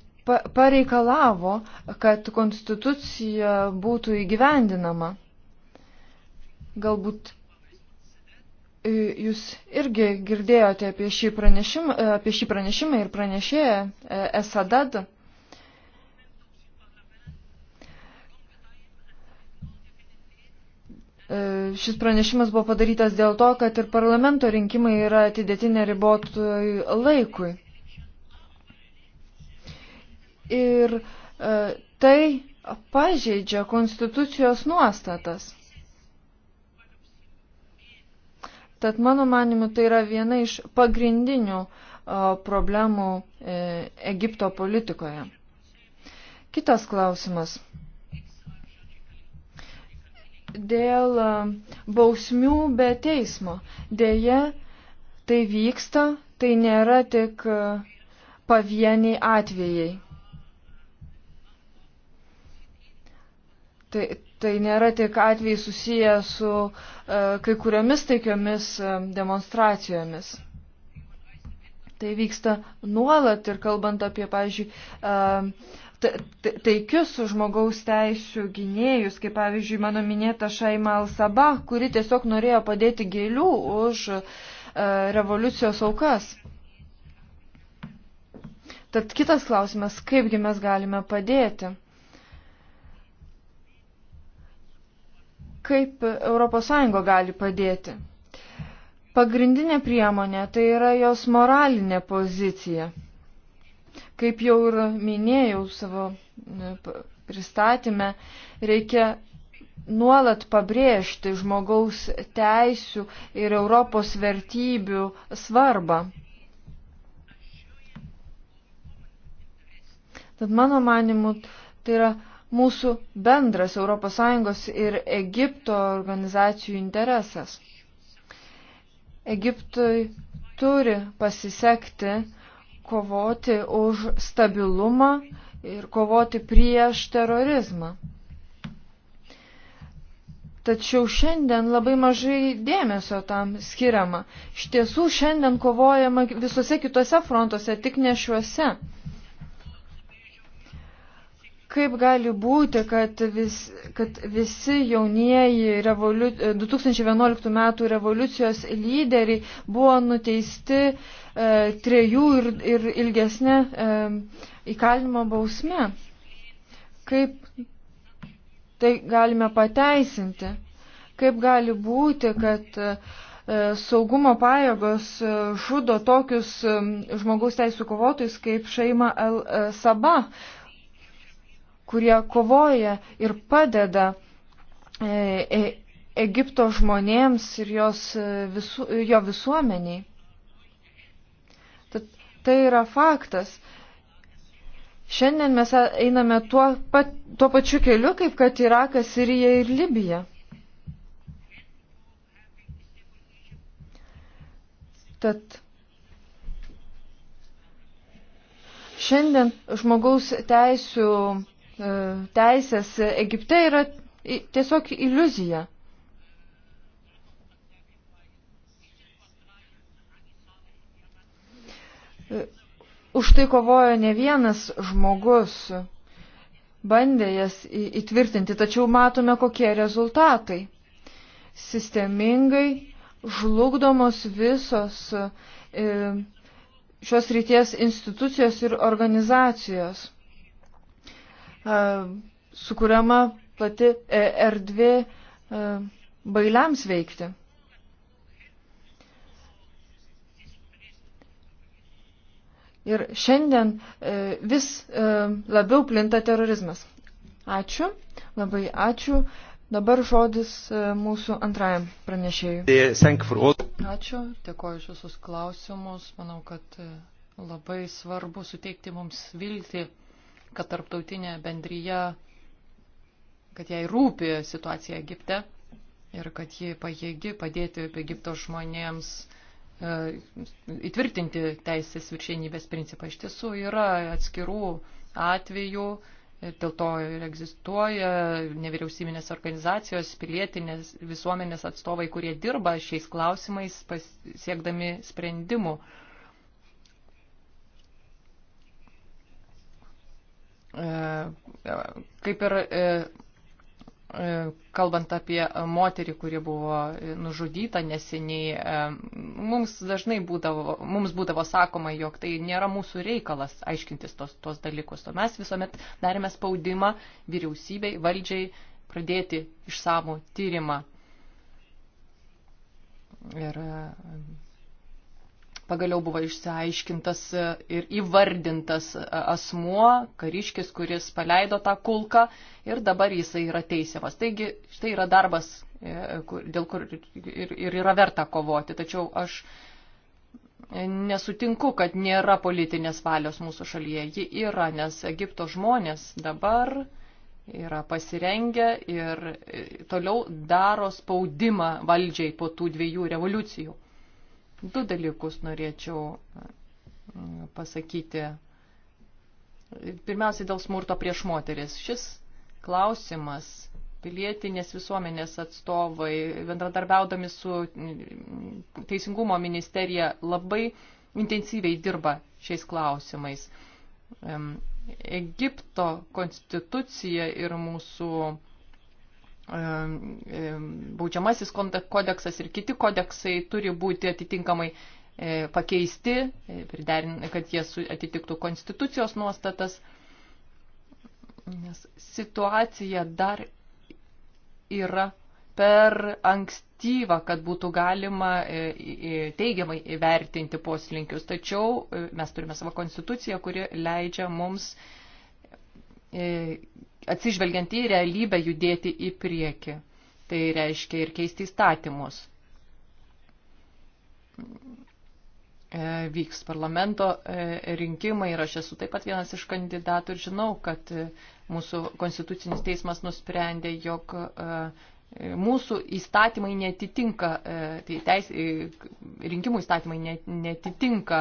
pareikalavo, kad konstitucija būtų įgyvendinama. Galbūt E, jūs irgi girdėjote apie šį pranešimą, e, apie šį pranešimą ir pranešėją e, Esadad. Šis pranešimas buvo padarytas dėl to, kad ir parlamento rinkimai yra atidėti neribotui laikui. Ir tai pažeidžia konstitucijos nuostatas. Tad mano manimu tai yra viena iš pagrindinių problemų e, Egipto politikoje. Kitas klausimas. Dėl bausmių be teismo. Deja, tai vyksta, tai nėra tik pavieniai atvejai. Tai tai nėra tik atvejai susiję su e, kai kuriomis taikiomis e, demonstracijomis. Tai vyksta nuolat ir kalbant apie, pavyzdžiui, e, taikius žmogaus teisų gynėjus, kaip pavyzdžiui mano minėta Šaima Alsaba, kuri tiesiog norėjo padėti gėlių už revoliucijos aukas. Tad kitas klausimas, kaipgi mes galime padėti? kaip ES gali padėti. Pagrindinė priemonė tai yra jos moralinė pozicija. Kaip jau ir minėjau savo e, pristatymę, reikia nuolat pabrėžti žmogaus teisių ir Europos vertybių svarbą. Tad mano manimu, tai yra mūsų bendras ES ir Egipto organizacijų interesas. Egiptui turi pasisekti kovoti už stabilumą ir kovoti prieš terorizmą. Tačiau šiandien labai mažai dėmesio tam skiriama. Iš tiesų šiandien kovojama visose kitose frontuose, tik ne šiuose. Kaip gali būti, kad, vis, kad visi jaunieji revoliu, 2011 metų revoliucijos lyderiai buvo nuteisti e, trejų ir, ir ilgesnė e, įkalinimo bausme? Kaip tai galime pateisinti? Kaip gali būti, kad e, saugumo pajėgos e, žudo tokius žmogaus teisų kovotojus kaip šeima El e, Saba, kurie kovoja ir padeda e, e, Egipto žmonėms ir jos e, visu, jo visuomeniai. Tad tai yra faktas. Šiandien mes einame tuo, pat, tuo pačiu keliu, kaip kad Irakas, Sirija ir Libija. Tad šiandien žmogaus teisų E, teisės Egipte yra tiesiog iliuzija. E, už tai kovojo ne vienas žmogus, bandė jas įtvirtinti, tačiau matome, kokie rezultatai. Sistemingai žlugdomos visos e, šios ryties institucijos ir organizacijos. E, sukuriama pati e, erdvė e, bailiams veikti. Ir šiandien vis labiau plinta terorizmas. Ačiū, labai ačiū. Dabar žodis mūsų antrajam pranešėjui. Ačiū, dėkoju iš visus klausimus. Manau, kad labai svarbu suteikti mums viltį kad tarptautinė bendryja, kad jai rūpi situacija Egipte ir kad ji pajėgi padėti Egipto žmonėms e, įtvirtinti teisės viršienybės principą. Iš tiesų yra atskirų atvejų, e, dėl to ir egzistuoja nevyriausybinės organizacijos, pilietinės visuomenės atstovai, kurie dirba šiais klausimais siekdami sprendimų. Uh, E, kaip ir e, e, kalbant apie moterį, kuri buvo nužudyta neseniai, mums dažnai būdavo, mums būdavo sakoma, jog tai nėra mūsų reikalas aiškintis tos, tos dalykus. O mes visuomet darėme spaudimą vyriausybei, valdžiai pradėti išsamų tyrimą. Ir Pagaliau buvo išsiaiškintas ir įvardintas asmuo, kariškis, kuris paleido tą kulką ir dabar jisai yra teisiamas. Taigi štai yra darbas, e, dėl kur ir, ir yra verta kovoti. Tačiau aš nesutinku, kad nėra politinės valios mūsų šalyje. Ji yra, nes Egipto žmonės dabar yra pasirengę ir e, toliau daro spaudimą valdžiai po tų dviejų revoliucijų. Du dalykus norėčiau mm, pasakyti. Pirmiausiai dėl smurto prieš moteris. Šis klausimas pilietinės visuomenės atstovai, bendradarbiaudami su mm, Teisingumo ministerija, labai intensyviai dirba šiais klausimais. Egipto konstitucija ir mūsų baudžiamasis kodeksas ir kiti kodeksai turi būti atitinkamai e, pakeisti, e, kad jie atitiktų konstitucijos nuostatas, nes situacija dar yra per ankstyva, kad būtų galima e, teigiamai įvertinti poslinkius. Tačiau mes turime savo konstituciją, kuri leidžia mums uh, E, atsižvelgiant į realybę judėti į priekį. Tai reiškia ir keisti įstatymus. E, vyks parlamento e, rinkimai ir aš esu taip pat vienas iš kandidatų ir žinau, kad mūsų konstitucinis teismas nusprendė, jog E, mūsų įstatymai netitinka, e, tai teis, e, rinkimų įstatymai netitinka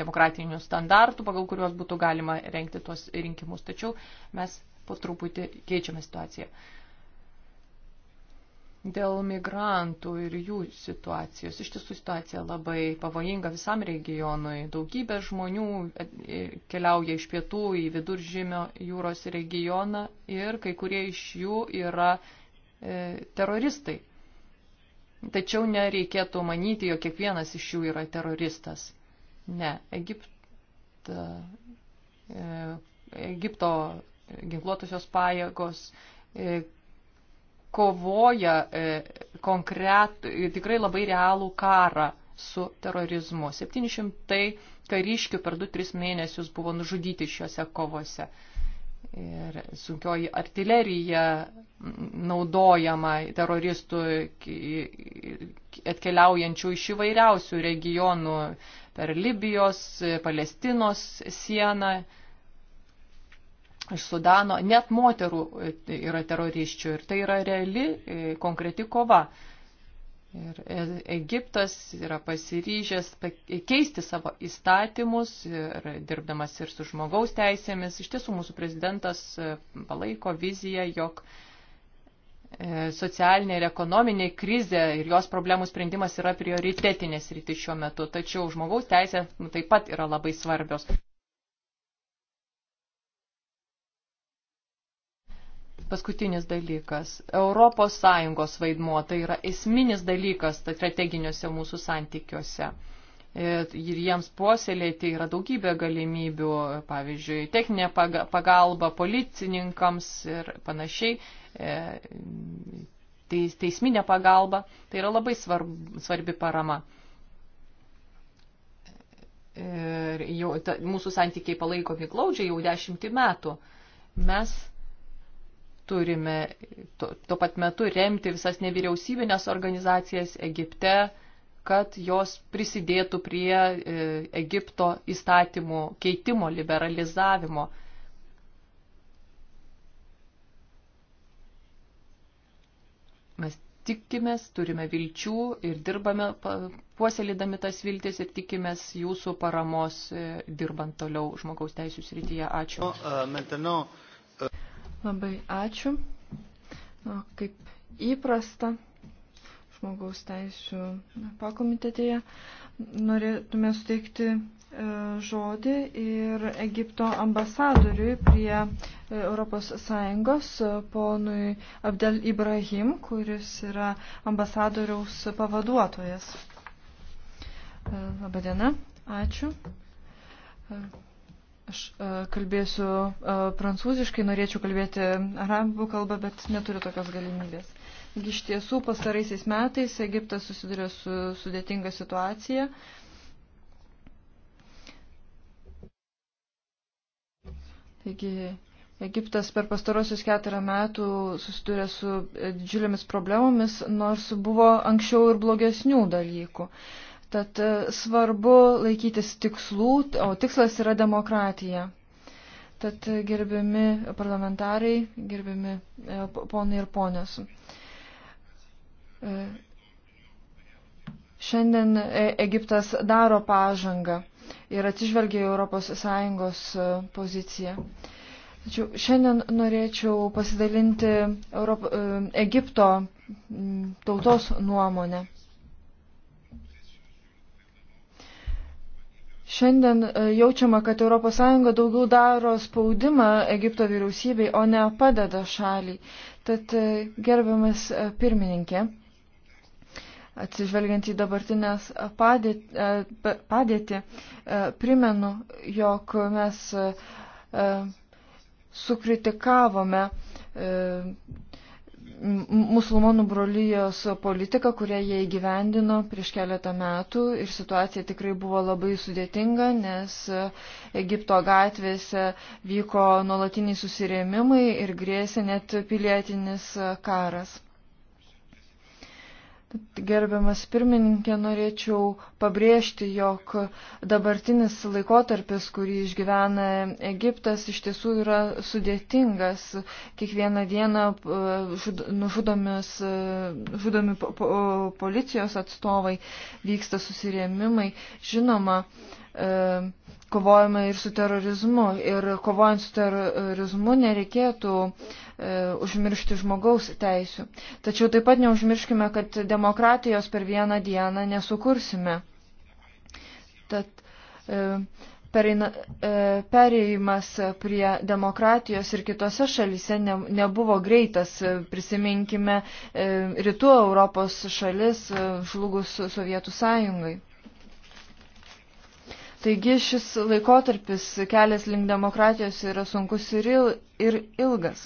demokratinių standartų, pagal kuriuos būtų galima renkti tuos rinkimus. Tačiau mes po truputį keičiame situaciją dėl migrantų ir jų situacijos. Iš tiesų situacija labai pavojinga visam regionui. Daugybė žmonių e, e, keliauja iš pietų į viduržymio jūros regioną ir kai kurie iš jų yra e, teroristai. Tačiau nereikėtų manyti, jog kiekvienas iš jų yra teroristas. Ne, Egipta, e, Egipto ginkluotosios pajėgos e, kovoja e, konkret, tikrai labai realų karą su terorizmu. 700 kariškių per 2-3 mėnesius buvo nužudyti šiuose kovose. Ir sunkioji artilerija naudojama teroristų atkeliaujančių iš įvairiausių regionų per Libijos, Palestinos sieną iš Sudano, net moterų e, yra teroriščių ir tai yra reali e, konkreti kova. Ir e, Egiptas yra pasiryžęs keisti savo įstatymus ir dirbdamas ir su žmogaus teisėmis. Iš tiesų mūsų prezidentas palaiko viziją, jog socialinė ir ekonominė krizė ir jos problemų sprendimas yra prioritetinės rytis šiuo metu. Tačiau žmogaus teisė nu, taip pat yra labai svarbios. paskutinis dalykas. Europos Sąjungos vaidmuo tai yra esminis dalykas strateginiuose mūsų santykiuose. Ir jiems puoselėti yra daugybė galimybių, pavyzdžiui, techninė pagalba policininkams ir panašiai, e, teisminė pagalba, tai yra labai svarbi parama. Ir jau, ta, mūsų santykiai palaikomi glaudžiai jau dešimtį metų. Mes turime tuo, tuo pat metu remti visas nevyriausybinės organizacijas Egipte, kad jos prisidėtų prie e, Egipto įstatymų keitimo, liberalizavimo. Mes tikimės, turime vilčių ir dirbame, puoselėdami tas viltis ir tikimės jūsų paramos e, dirbant toliau žmogaus teisų srityje. Ačiū. O, uh, Labai ačiū. O kaip įprasta žmogaus teisų pakomitetėje norėtume suteikti e, žodį ir Egipto ambasadoriui prie ES e, ponui Abdel Ibrahim, kuris yra ambasadoriaus pavaduotojas. E, Labadiena, ačiū. Aš e, kalbėsiu e, prancūziškai, norėčiau kalbėti arabų kalbą, bet neturiu tokios galimybės. Iš tiesų, pastaraisiais metais Egiptas susiduria su sudėtinga situacija. Taigi, Egiptas per pastarosius keturą metų susidūrė su didžiulėmis problemomis, nors buvo anksčiau ir blogesnių dalykų. Uh, Tad e, svarbu laikytis tikslų, o tikslas yra demokratija. Tad e, gerbiami parlamentarai, gerbiami e, ponai ir ponios. Šiandien Egiptas daro pažangą ir atsižvelgia į ES poziciją. Tačiau šiandien norėčiau pasidalinti Europ... Egipto tautos nuomonę. Šiandien e, jaučiama, kad ES daugiau daro spaudimą Egipto vyriausybei, o ne padeda šaliai. Tad e, gerbiamas e, pirmininkė, atsižvelgiant į dabartinės padėtį, padėtį primenu, jog mes sukritikavome musulmonų brolyjos politiką, kurią jie įgyvendino prieš keletą metų ir situacija tikrai buvo labai sudėtinga, nes Egipto gatvėse vyko nuolatiniai susirėmimai ir grėsė net pilietinis karas. Gerbiamas pirmininkė, norėčiau pabrėžti, jog dabartinis laikotarpis, kurį išgyvena Egiptas, iš tiesų yra sudėtingas. Kiekvieną dieną e, e, žudomi policijos atstovai, vyksta susirėmimai. Žinoma, uh, E, kovojame ir su terorizmu. Ir kovojant su terorizmu nereikėtų e, užmiršti žmogaus teisių. Tačiau taip pat neužmirškime, kad demokratijos per vieną dieną nesukursime. Tad, e, pereina, pereimas prie demokratijos ir kitose šalise ne, nebuvo greitas. Prisiminkime rytų Europos šalis žlugus Sovietų sąjungai. Taigi šis laikotarpis kelias link demokratijos yra sunkus ir, il, ir ilgas.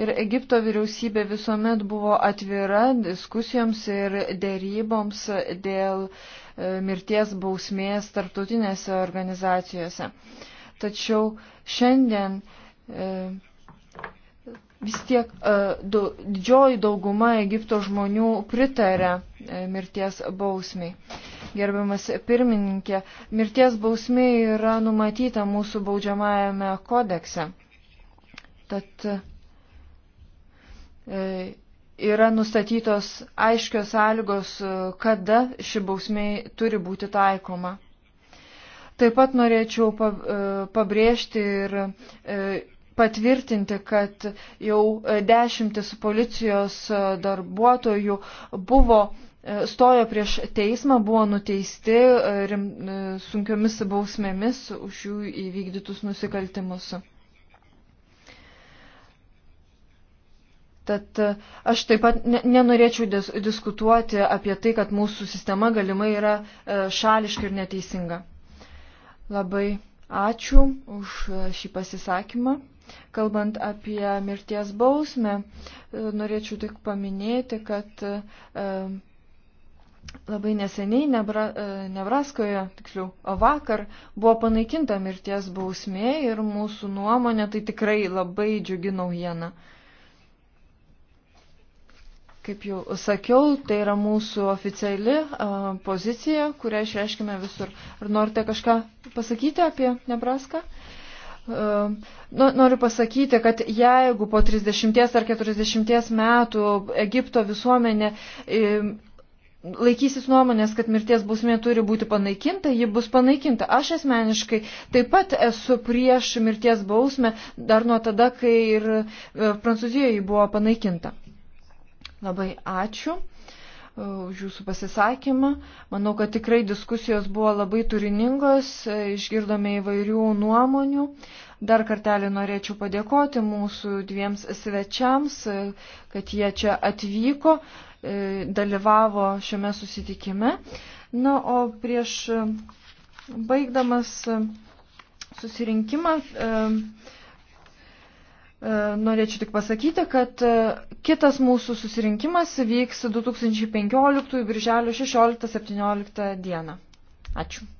Ir Egipto vyriausybė visuomet buvo atvira diskusijoms ir dėryboms dėl e, mirties bausmės tarptautinėse organizacijose. Tačiau šiandien e, vis tiek e, didžioji dauguma Egipto žmonių pritarė mirties bausmiai gerbiamas pirmininkė. Mirties bausmė yra numatyta mūsų baudžiamajame kodekse. Tad e, yra nustatytos aiškios sąlygos, e, kada ši bausmė turi būti taikoma. Taip pat norėčiau e, pabrėžti ir patvirtinti, kad jau dešimtis policijos darbuotojų buvo E, stojo prieš teismą, buvo nuteisti e, rim, e, sunkiomis bausmėmis už jų įvykdytus nusikaltimus. Tad aš taip pat nenorėčiau dis diskutuoti apie tai, kad mūsų sistema galimai yra šališka ir neteisinga. Labai ačiū už šį pasisakymą. Kalbant apie mirties bausmę, norėčiau tik paminėti, kad Labai neseniai Nebra, e, Nebraskoje, tiksliau, vakar buvo panaikinta mirties bausmė ir mūsų nuomonė tai tikrai labai džiugi naujiena. Kaip jau sakiau, tai yra mūsų oficiali uh, pozicija, kurią išreiškime visur. Ar norite kažką pasakyti apie Nebraską? Uh, noriu pasakyti, kad jeigu po 30 ar 40 metų Egipto visuomenė uh, laikysis nuomonės, kad mirties bausmė turi būti panaikinta, ji bus panaikinta. Aš asmeniškai taip pat esu prieš mirties bausmę dar nuo tada, kai ir e, Prancūzijoje buvo panaikinta. Labai ačiū e, už jūsų pasisakymą. Manau, kad tikrai diskusijos buvo labai turiningos, e, išgirdome įvairių nuomonių. Dar kartelį norėčiau padėkoti mūsų dviems svečiams, kad jie čia atvyko. E, dalyvavo šiame susitikime. Na, o prieš e, baigdamas e, susirinkimą norėčiau tik pasakyti, kad kitas mūsų susirinkimas vyks 2015 birželio 16-17 dieną. Ačiū.